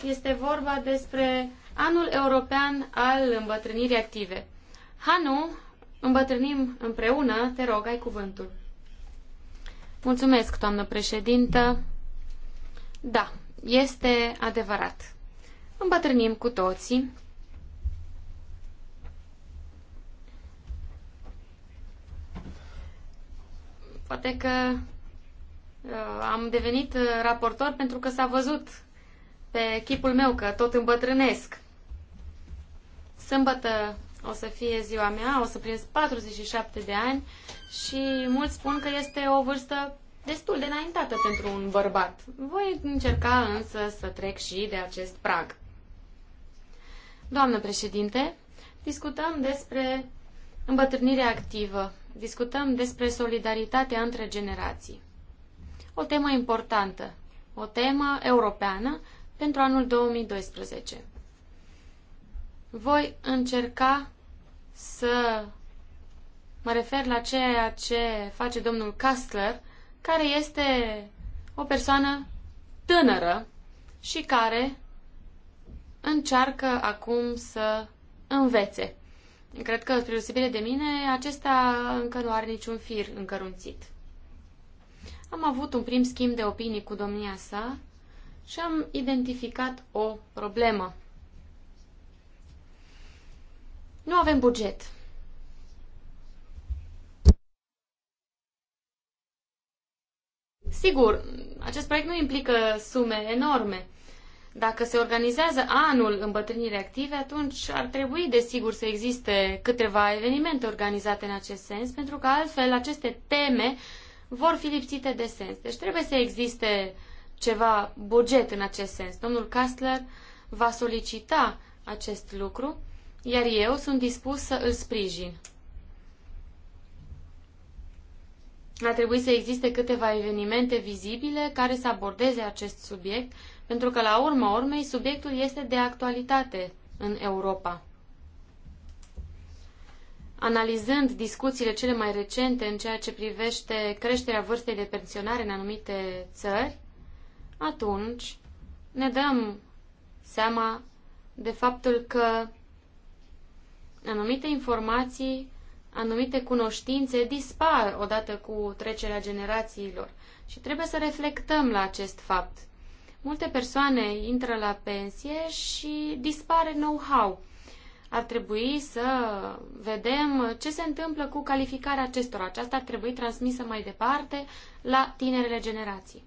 Este vorba despre Anul European al Îmbătrânirii Active. Hanu îmbătrânim împreună, te rog, ai cuvântul. Mulțumesc, doamnă președintă. Da, este adevărat. Îmbătrânim cu toții. Poate că uh, am devenit uh, raportor pentru că s-a văzut pe chipul meu că tot îmbătrânesc. Sâmbătă o să fie ziua mea, o să prins 47 de ani și mulți spun că este o vârstă destul de înaintată pentru un bărbat. Voi încerca însă să trec și de acest prag. Doamnă președinte, discutăm despre îmbătrânire activă, discutăm despre solidaritatea între generații. O temă importantă, o temă europeană pentru anul 2012. Voi încerca să mă refer la ceea ce face domnul Castler, care este o persoană tânără și care încearcă acum să învețe. Cred că, spre deosebire de mine, acesta încă nu are niciun fir încărunțit. Am avut un prim schimb de opinii cu domnia sa și am identificat o problemă. Nu avem buget. Sigur, acest proiect nu implică sume enorme. Dacă se organizează anul îmbătrânire active, atunci ar trebui, desigur, să existe câteva evenimente organizate în acest sens, pentru că altfel aceste teme vor fi lipsite de sens. Deci trebuie să existe ceva buget în acest sens. Domnul Kastler va solicita acest lucru iar eu sunt dispus să îl sprijin. Ar trebui să existe câteva evenimente vizibile care să abordeze acest subiect, pentru că, la urma urmei, subiectul este de actualitate în Europa. Analizând discuțiile cele mai recente în ceea ce privește creșterea vârstei de pensionare în anumite țări, atunci ne dăm seama de faptul că anumite informații, anumite cunoștințe dispar odată cu trecerea generațiilor și trebuie să reflectăm la acest fapt. Multe persoane intră la pensie și dispare know-how. Ar trebui să vedem ce se întâmplă cu calificarea acestora. Aceasta ar trebui transmisă mai departe la tinerele generații.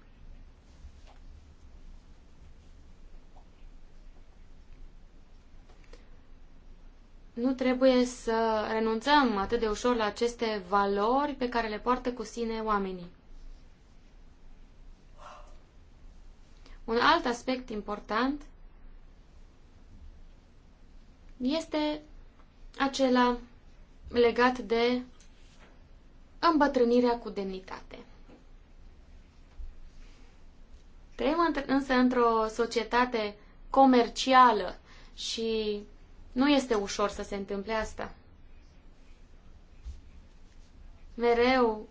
Nu trebuie să renunțăm atât de ușor la aceste valori pe care le poartă cu sine oamenii. Un alt aspect important este acela legat de îmbătrânirea cu demnitate. Trăim însă într-o societate comercială și nu este ușor să se întâmple asta. Mereu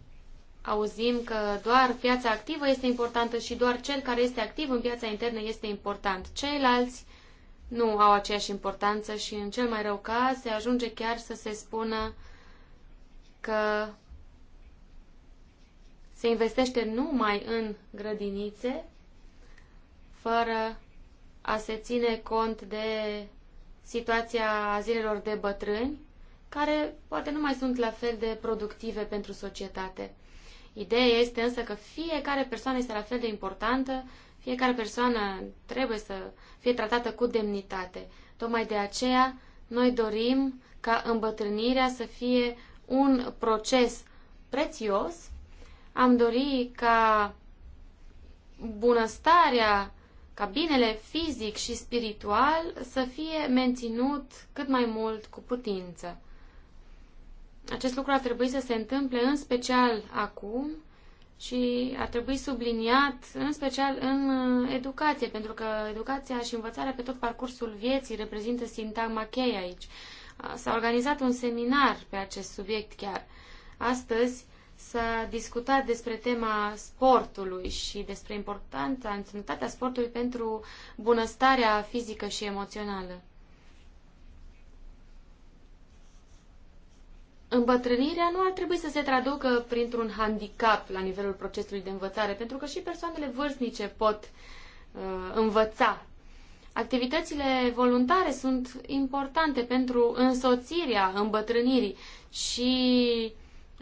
auzim că doar piața activă este importantă și doar cel care este activ în piața internă este important. Ceilalți nu au aceeași importanță și în cel mai rău caz se ajunge chiar să se spună că se investește numai în grădinițe fără a se ține cont de situația zilelor de bătrâni, care poate nu mai sunt la fel de productive pentru societate. Ideea este însă că fiecare persoană este la fel de importantă, fiecare persoană trebuie să fie tratată cu demnitate. Tocmai de aceea noi dorim ca îmbătrânirea să fie un proces prețios. Am dorit ca bunăstarea ca binele fizic și spiritual să fie menținut cât mai mult cu putință. Acest lucru ar trebui să se întâmple în special acum și ar trebui subliniat în special în uh, educație, pentru că educația și învățarea pe tot parcursul vieții reprezintă sintagma cheie aici. S-a organizat un seminar pe acest subiect chiar. Astăzi să discutați despre tema sportului și despre importanța, însemnătatea sportului pentru bunăstarea fizică și emoțională. Îmbătrânirea nu ar trebui să se traducă printr-un handicap la nivelul procesului de învățare, pentru că și persoanele vârstnice pot uh, învăța. Activitățile voluntare sunt importante pentru însoțirea îmbătrânirii și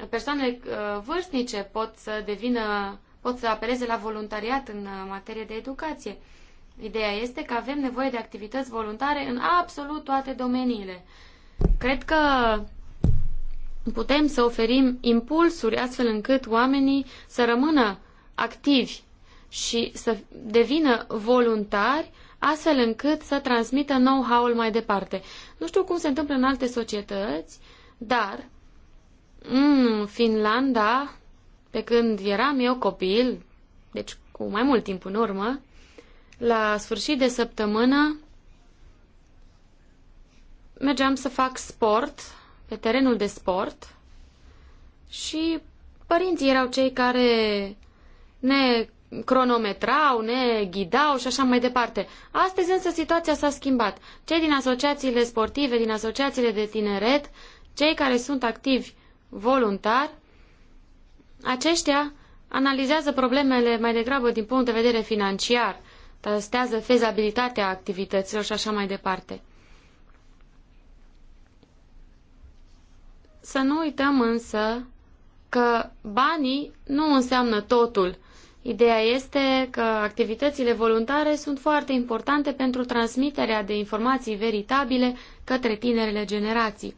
persoanele uh, vârstnice pot să devină, pot să apeleze la voluntariat în uh, materie de educație. Ideea este că avem nevoie de activități voluntare în absolut toate domeniile. Cred că putem să oferim impulsuri astfel încât oamenii să rămână activi și să devină voluntari astfel încât să transmită know-how-ul mai departe. Nu știu cum se întâmplă în alte societăți, dar în Finlanda, pe când eram eu copil, deci cu mai mult timp în urmă, la sfârșit de săptămână mergeam să fac sport, pe terenul de sport, și părinții erau cei care ne cronometrau, ne ghidau și așa mai departe. Astăzi însă situația s-a schimbat. Cei din asociațiile sportive, din asociațiile de tineret, cei care sunt activi voluntar, aceștia analizează problemele mai degrabă din punct de vedere financiar, testează fezabilitatea activităților și așa mai departe. Să nu uităm însă că banii nu înseamnă totul. Ideea este că activitățile voluntare sunt foarte importante pentru transmiterea de informații veritabile către tinerele generații.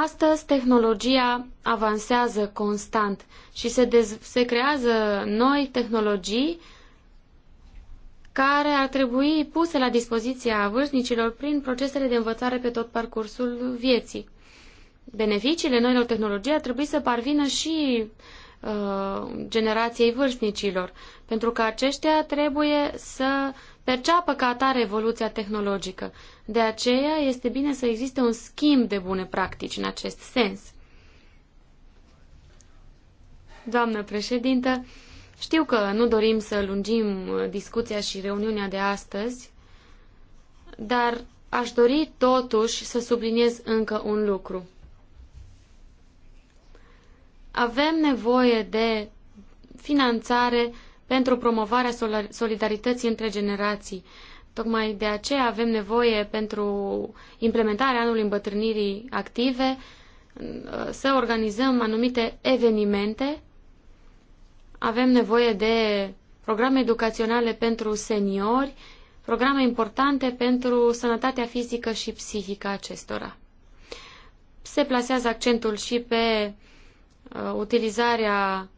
Astăzi, tehnologia avansează constant și se, dez- se creează noi tehnologii care ar trebui puse la dispoziția vârstnicilor prin procesele de învățare pe tot parcursul vieții. Beneficiile noilor tehnologii ar trebui să parvină și uh, generației vârstnicilor, pentru că aceștia trebuie să uh, perceapă ca atare evoluția tehnologică. De aceea este bine să existe un schimb de bune practici în acest sens. Doamnă președintă, știu că nu dorim să lungim uh, discuția și reuniunea de astăzi, dar aș dori totuși să subliniez încă un lucru. Avem nevoie de finanțare pentru promovarea solidarității între generații. Tocmai de aceea avem nevoie pentru implementarea anului îmbătrânirii active să organizăm anumite evenimente. Avem nevoie de programe educaționale pentru seniori, programe importante pentru sănătatea fizică și psihică acestora. Se plasează accentul și pe uh, utilizarea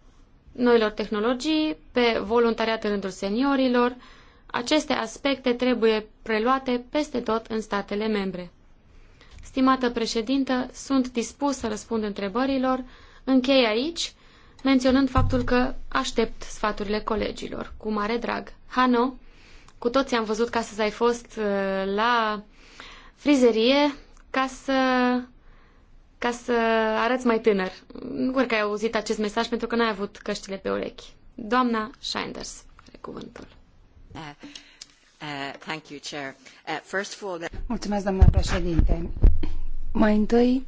noilor tehnologii, pe voluntariat în rândul seniorilor. Aceste aspecte trebuie preluate peste tot în statele membre. Stimată președintă, sunt dispus să răspund întrebărilor. Închei aici, menționând faptul că aștept sfaturile colegilor. Cu mare drag. Hano, cu toții am văzut că astăzi ai fost uh, la frizerie ca să ca să arăți mai tânăr. Nu cred că ai auzit acest mesaj pentru că n-ai avut căștile pe urechi. Doamna Shinders are cuvântul. Uh, uh, thank you, Chair. Uh, first of all, the... Mulțumesc, doamna președinte. Mai întâi,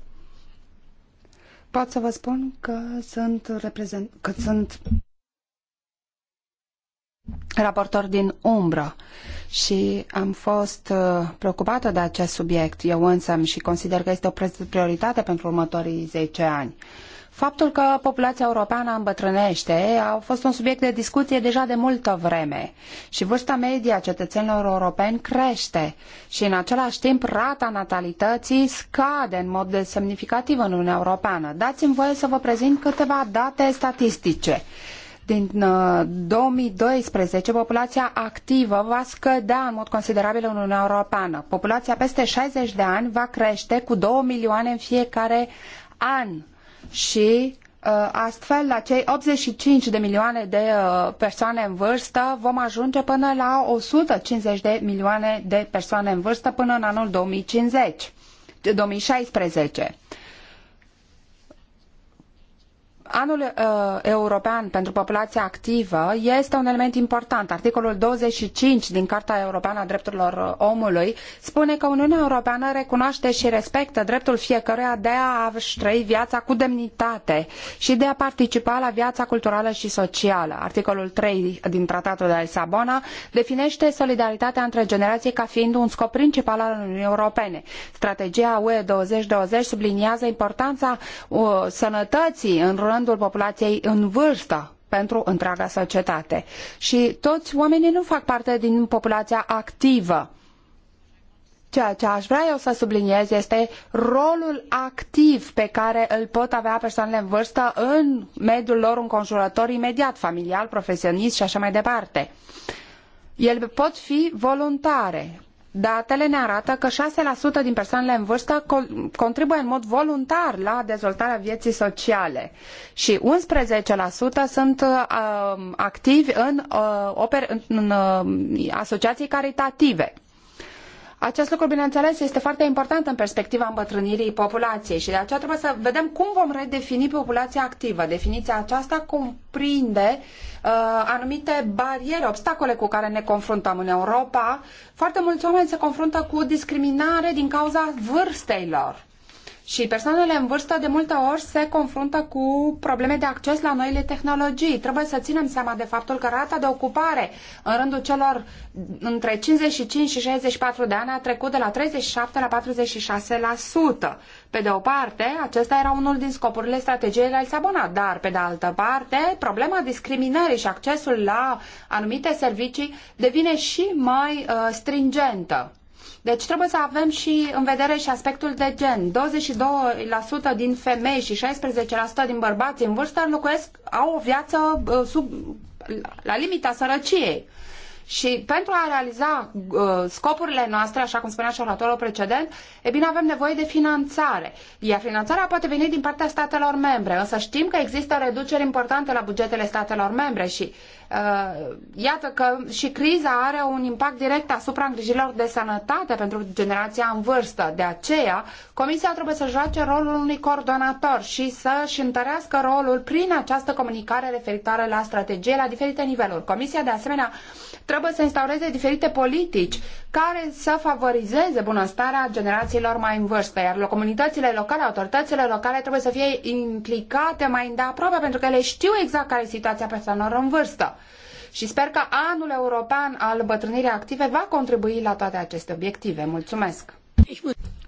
pot să vă spun că sunt, reprezent... că sunt raportor din umbră și am fost uh, preocupată de acest subiect eu însă și consider că este o prioritate pentru următorii zece ani. Faptul că populația europeană îmbătrânește a fost un subiect de discuție deja de multă vreme și vârsta medie a cetățenilor europeni crește și în același timp rata natalității scade în mod semnificativ în Uniunea Europeană. Dați-mi voie să vă prezint câteva date statistice din 2012 uh, populația activă va scădea în mod considerabil în Uniunea Europeană. Populația peste 60 de ani va crește cu 2 milioane în fiecare an și uh, astfel la cei 85 de milioane de uh, persoane în vârstă vom ajunge până la 150 de milioane de persoane în vârstă până în anul 2050, 2016. Anul uh, European pentru Populația Activă este un element important. Articolul 25 din Carta Europeană a Drepturilor uh, Omului spune că Uniunea Europeană recunoaște și respectă dreptul fiecăruia de a-și trăi viața cu demnitate și de a participa la viața culturală și socială. Articolul 3 din Tratatul de la Lisabona definește solidaritatea între generații ca fiind un scop principal al Uniunii Europene. Strategia UE 2020 subliniază importanța uh, sănătății în rând rândul populației în vârstă pentru întreaga societate. Și toți oamenii nu fac parte din populația activă. Ceea ce aș vrea eu să subliniez este rolul activ pe care îl pot avea persoanele în vârstă în mediul lor înconjurător imediat, familial, profesionist și așa mai departe. Ele pot fi voluntare, Datele ne arată că 6% din persoanele în vârstă contribuie în mod voluntar la dezvoltarea vieții sociale și 11% sunt uh, activi în, uh, oper- în, uh, asociații caritative. Acest lucru, bineînțeles, este foarte important în perspectiva îmbătrânirii populației și de aceea trebuie să vedem cum vom redefini populația activă. Definiția aceasta cuprinde uh, anumite bariere, obstacole cu care ne confruntăm în Europa. Foarte mulți oameni se confruntă cu discriminare din cauza vârstei lor. Și persoanele în vârstă de multe ori se confruntă cu probleme de acces la noile tehnologii. Trebuie să ținem seama de faptul că rata de ocupare în rândul celor între 55 și 64 de ani a trecut de la 37 la 46%. Pe de o parte, acesta era unul din scopurile strategiei la Lisabona, dar pe de altă parte, problema discriminării și accesul la anumite servicii devine și mai uh, stringentă. Deci trebuie să avem și în vedere și aspectul de gen. 22% din femei și 16% din bărbați în vârstă locuiesc, au o viață uh, sub, la limita sărăciei. Și pentru a realiza uh, scopurile noastre, așa cum spunea și oratorul precedent, e bine, avem nevoie de finanțare. Iar finanțarea poate veni din partea statelor membre, însă știm că există reduceri importante la bugetele statelor membre și uh, iată că și criza are un impact direct asupra îngrijirilor de sănătate pentru generația în vârstă. De aceea, Comisia trebuie să joace rolul unui coordonator și să-și întărească rolul prin această comunicare referitoare la strategie la diferite niveluri. Comisia, de asemenea, trebuie să instaureze diferite politici care să favorizeze bunăstarea generațiilor mai în vârstă, iar comunitățile locale, autoritățile locale trebuie să fie implicate mai îndeaproape pentru că ele știu exact care e situația persoanelor în vârstă. Și sper că anul european al bătrânirii active va contribui la toate aceste obiective. Mulțumesc!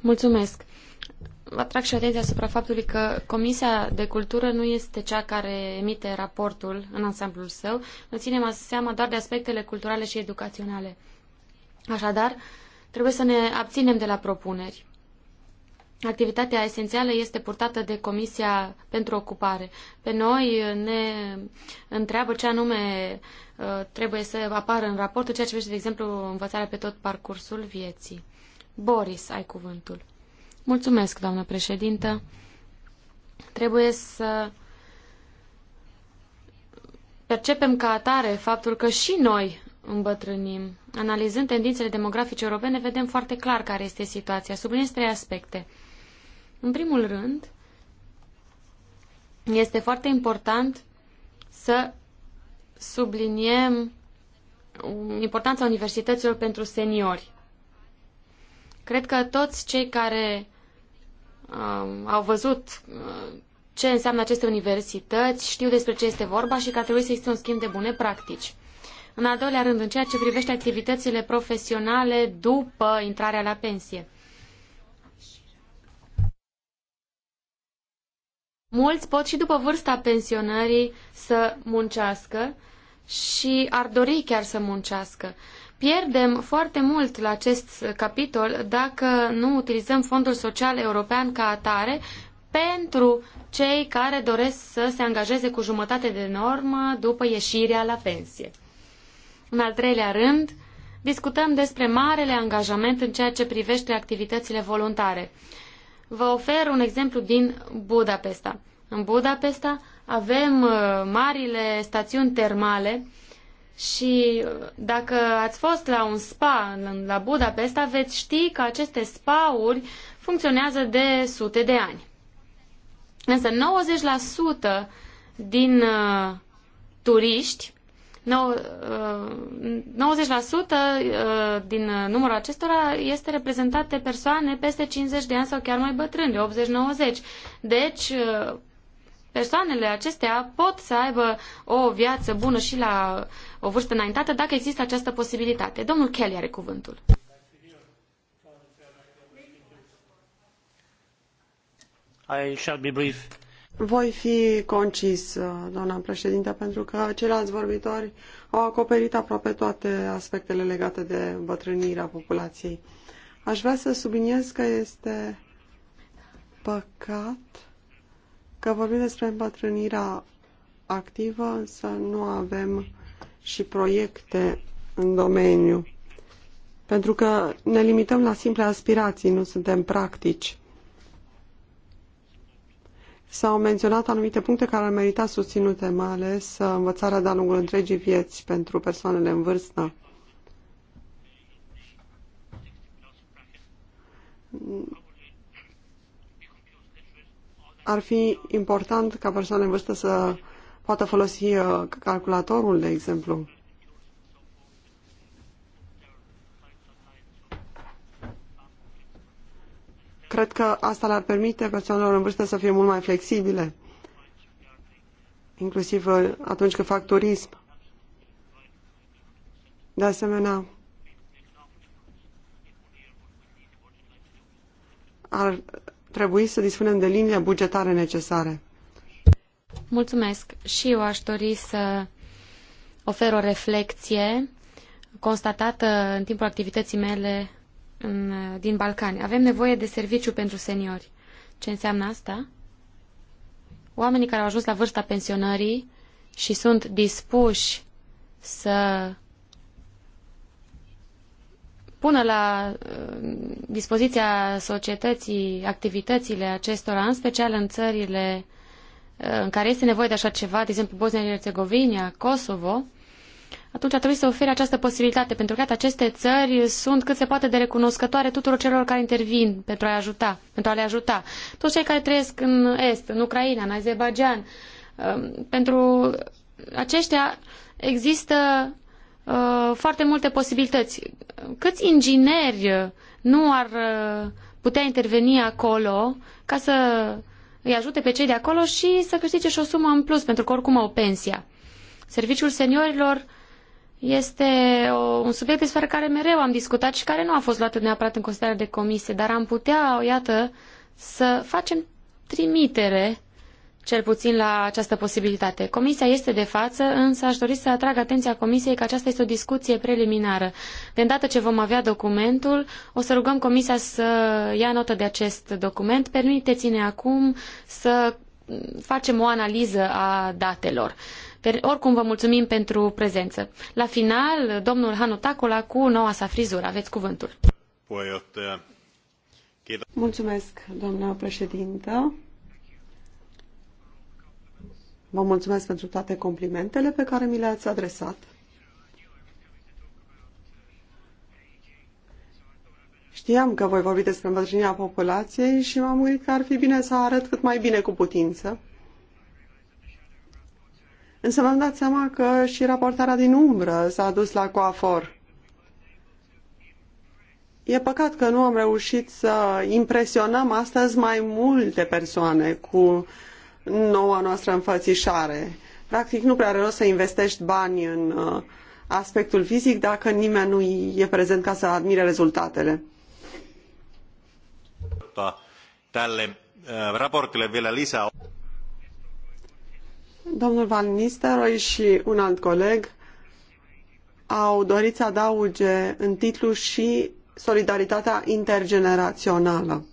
Mulțumesc! atrag și atenția asupra faptului că Comisia de Cultură nu este cea care emite raportul în ansamblul său. Nu ținem seama doar de aspectele culturale și educaționale. Așadar, trebuie să ne abținem de la propuneri. Activitatea esențială este purtată de Comisia pentru Ocupare. Pe noi ne întreabă ce anume uh, trebuie să apară în raportul, ceea ce privește, de exemplu, învățarea pe tot parcursul vieții. Boris, ai cuvântul. Mulțumesc, doamnă președintă. Trebuie să percepem ca atare faptul că și noi îmbătrânim. Analizând tendințele demografice europene, vedem foarte clar care este situația. Subliniez trei aspecte. În primul rând, este foarte important să subliniem importanța universităților pentru seniori. Cred că toți cei care uh, au văzut uh, ce înseamnă aceste universități, știu despre ce este vorba și că ar trebui să existe un schimb de bune practici. În al doilea rând, în ceea ce privește activitățile profesionale după intrarea la pensie. Mulți pot și după vârsta pensionării să muncească și ar dori chiar să muncească. Pierdem foarte mult la acest capitol dacă nu utilizăm Fondul Social European ca atare pentru cei care doresc să se angajeze cu jumătate de normă după ieșirea la pensie. În al treilea rând, discutăm despre marele angajament în ceea ce privește activitățile voluntare. Vă ofer un exemplu din Budapesta. În Budapesta avem uh, marile stațiuni termale și dacă ați fost la un spa la Budapesta, veți ști că aceste spa-uri funcționează de sute de ani. Însă 90% din uh, turiști, nou, uh, 90% uh, din uh, numărul acestora este reprezentat de persoane peste 50 de ani sau chiar mai bătrâni, de 80-90. Deci, uh, persoanele acestea pot să aibă o viață bună și la o vârstă înaintată dacă există această posibilitate. Domnul Kelly are cuvântul. I shall be brief. Voi fi concis, doamna președinte, pentru că ceilalți vorbitori au acoperit aproape toate aspectele legate de îmbătrânirea populației. Aș vrea să subliniez că este păcat că vorbim despre îmbătrânirea activă, însă nu avem și proiecte în domeniu. Pentru că ne limităm la simple aspirații, nu suntem practici. S-au menționat anumite puncte care ar merita susținute, mai ales învățarea de-a lungul întregii vieți pentru persoanele în vârstă ar fi important ca persoane în vârstă să poată folosi uh, calculatorul, de exemplu. Cred că asta le-ar permite persoanelor în vârstă să fie mult mai flexibile, inclusiv uh, atunci când fac turism. De asemenea, ar trebui să dispunem de liniile bugetare necesare. Mulțumesc. Și eu aș dori să ofer o reflexie constatată în timpul activității mele în, din Balcani. Avem nevoie de serviciu pentru seniori. Ce înseamnă asta? Oamenii care au ajuns la vârsta pensionării și sunt dispuși să pună la uh, dispoziția societății activitățile acestora, în special în țările uh, în care este nevoie de așa ceva, de exemplu Bosnia-Herzegovina, Kosovo, atunci ar trebui să ofere această posibilitate, pentru că aceste țări sunt cât se poate de recunoscătoare tuturor celor care intervin pentru a, ajuta, pentru a le ajuta. Toți cei care trăiesc în Est, în Ucraina, în Azerbaijan, um, pentru aceștia există uh, foarte multe posibilități. Câți ingineri nu ar uh, putea interveni acolo ca să îi ajute pe cei de acolo și să câștige și o sumă în plus, pentru că oricum au pensia. Serviciul seniorilor este o, un subiect despre care mereu am discutat și care nu a fost luat neapărat în considerare de comisie, dar am putea, iată, să facem trimitere cel puțin la această posibilitate. Comisia este de față, însă aș dori să atrag atenția Comisiei că aceasta este o discuție preliminară. De îndată ce vom avea documentul, o să rugăm Comisia să ia notă de acest document. Permiteți-ne acum să facem o analiză a datelor. Oricum vă mulțumim pentru prezență. La final, domnul Hanu Tacula cu noua sa frizură. Aveți cuvântul. Uh, Mulțumesc, doamna președintă. Vă mulțumesc pentru toate complimentele pe care mi le-ați adresat. Știam că voi vorbi despre îmbătrânirea populației și m-am gândit că ar fi bine să arăt cât mai bine cu putință. Însă m am dat seama că și raportarea din umbră s-a dus la coafor. E păcat că nu am reușit să impresionăm astăzi mai multe persoane cu uh, noua noastră înfățișare. Practic nu prea are rost să investești bani în uh, aspectul fizic dacă nimeni nu e prezent ca să admire rezultatele. Tota, tälle uh, raportille vielä lisää. Domnul Van Nistelrooy și un alt coleg au dorit să adauge în titlu și solidaritatea intergenerațională.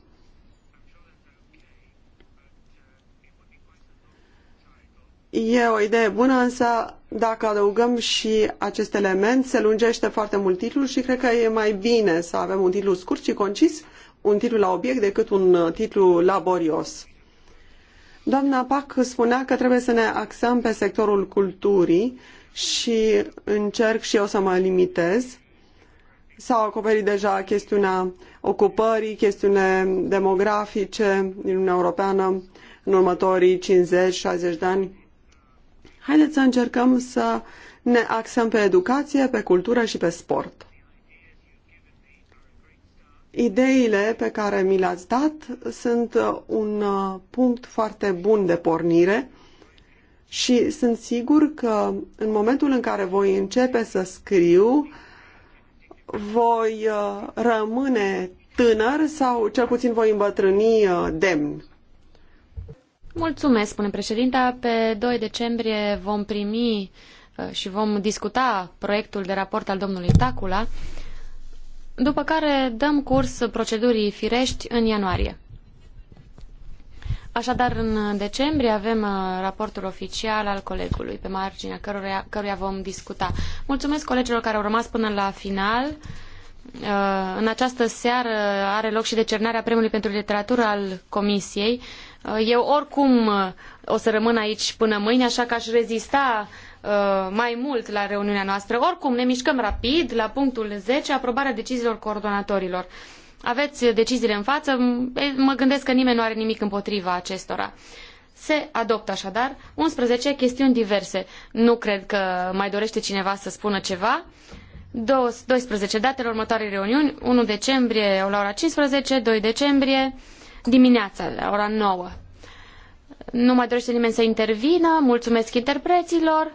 E o idee bună, însă dacă adăugăm și acest element, se lungește foarte mult titlul și cred că e mai bine să avem un titlu scurt și concis, un titlu la obiect, decât un uh, titlu laborios. Doamna Pac spunea că trebuie să ne axăm pe sectorul culturii și încerc și eu să mă limitez. S-au acoperit deja chestiunea ocupării, chestiune demografice din Uniunea Europeană în următorii 50-60 de ani. Haideți să încercăm să ne axăm pe educație, pe cultură și pe sport. Ideile pe care mi le-ați dat sunt uh, un uh, punct foarte bun de pornire și sunt sigur că în momentul în care voi începe să scriu, voi uh, rămâne tânăr sau cel puțin voi îmbătrâni demn. Mulțumesc, spune președinta. Pe 2 decembrie vom primi uh, și vom discuta proiectul de raport al domnului Tacula, după care dăm curs procedurii firești în ianuarie. Așadar, în decembrie avem uh, raportul oficial al colegului, pe marginea căruia, căruia vom discuta. Mulțumesc colegilor care au rămas până la final. Uh, în această seară are loc și decernarea premiului pentru literatură al Comisiei. Uh, eu oricum uh, o să rămân aici până mâine, așa că aș rezista uh, mai mult la reuniunea noastră. Oricum, ne mișcăm rapid la punctul zece, aprobarea deciziilor coordonatorilor. Aveți deciziile în față, mă gândesc că nimeni nu are nimic împotriva acestora. Se adoptă așadar 11 chestiuni diverse. Nu cred că mai dorește cineva să spună ceva. 12 datele următoarei reuniuni, 1 decembrie la ora 15, 2 decembrie dimineața, la ora 9. Nu mai dorește nimeni să intervină. Mulțumesc interpreților.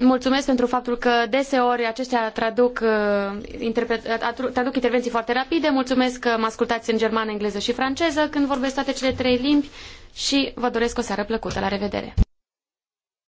Mulțumesc pentru faptul că deseori aceștia traduc, uh, uh, traduc intervenții foarte rapide. Mulțumesc că mă ascultați în germană, engleză și franceză când vorbesc toate cele trei limbi și vă doresc o seară plăcută. La revedere!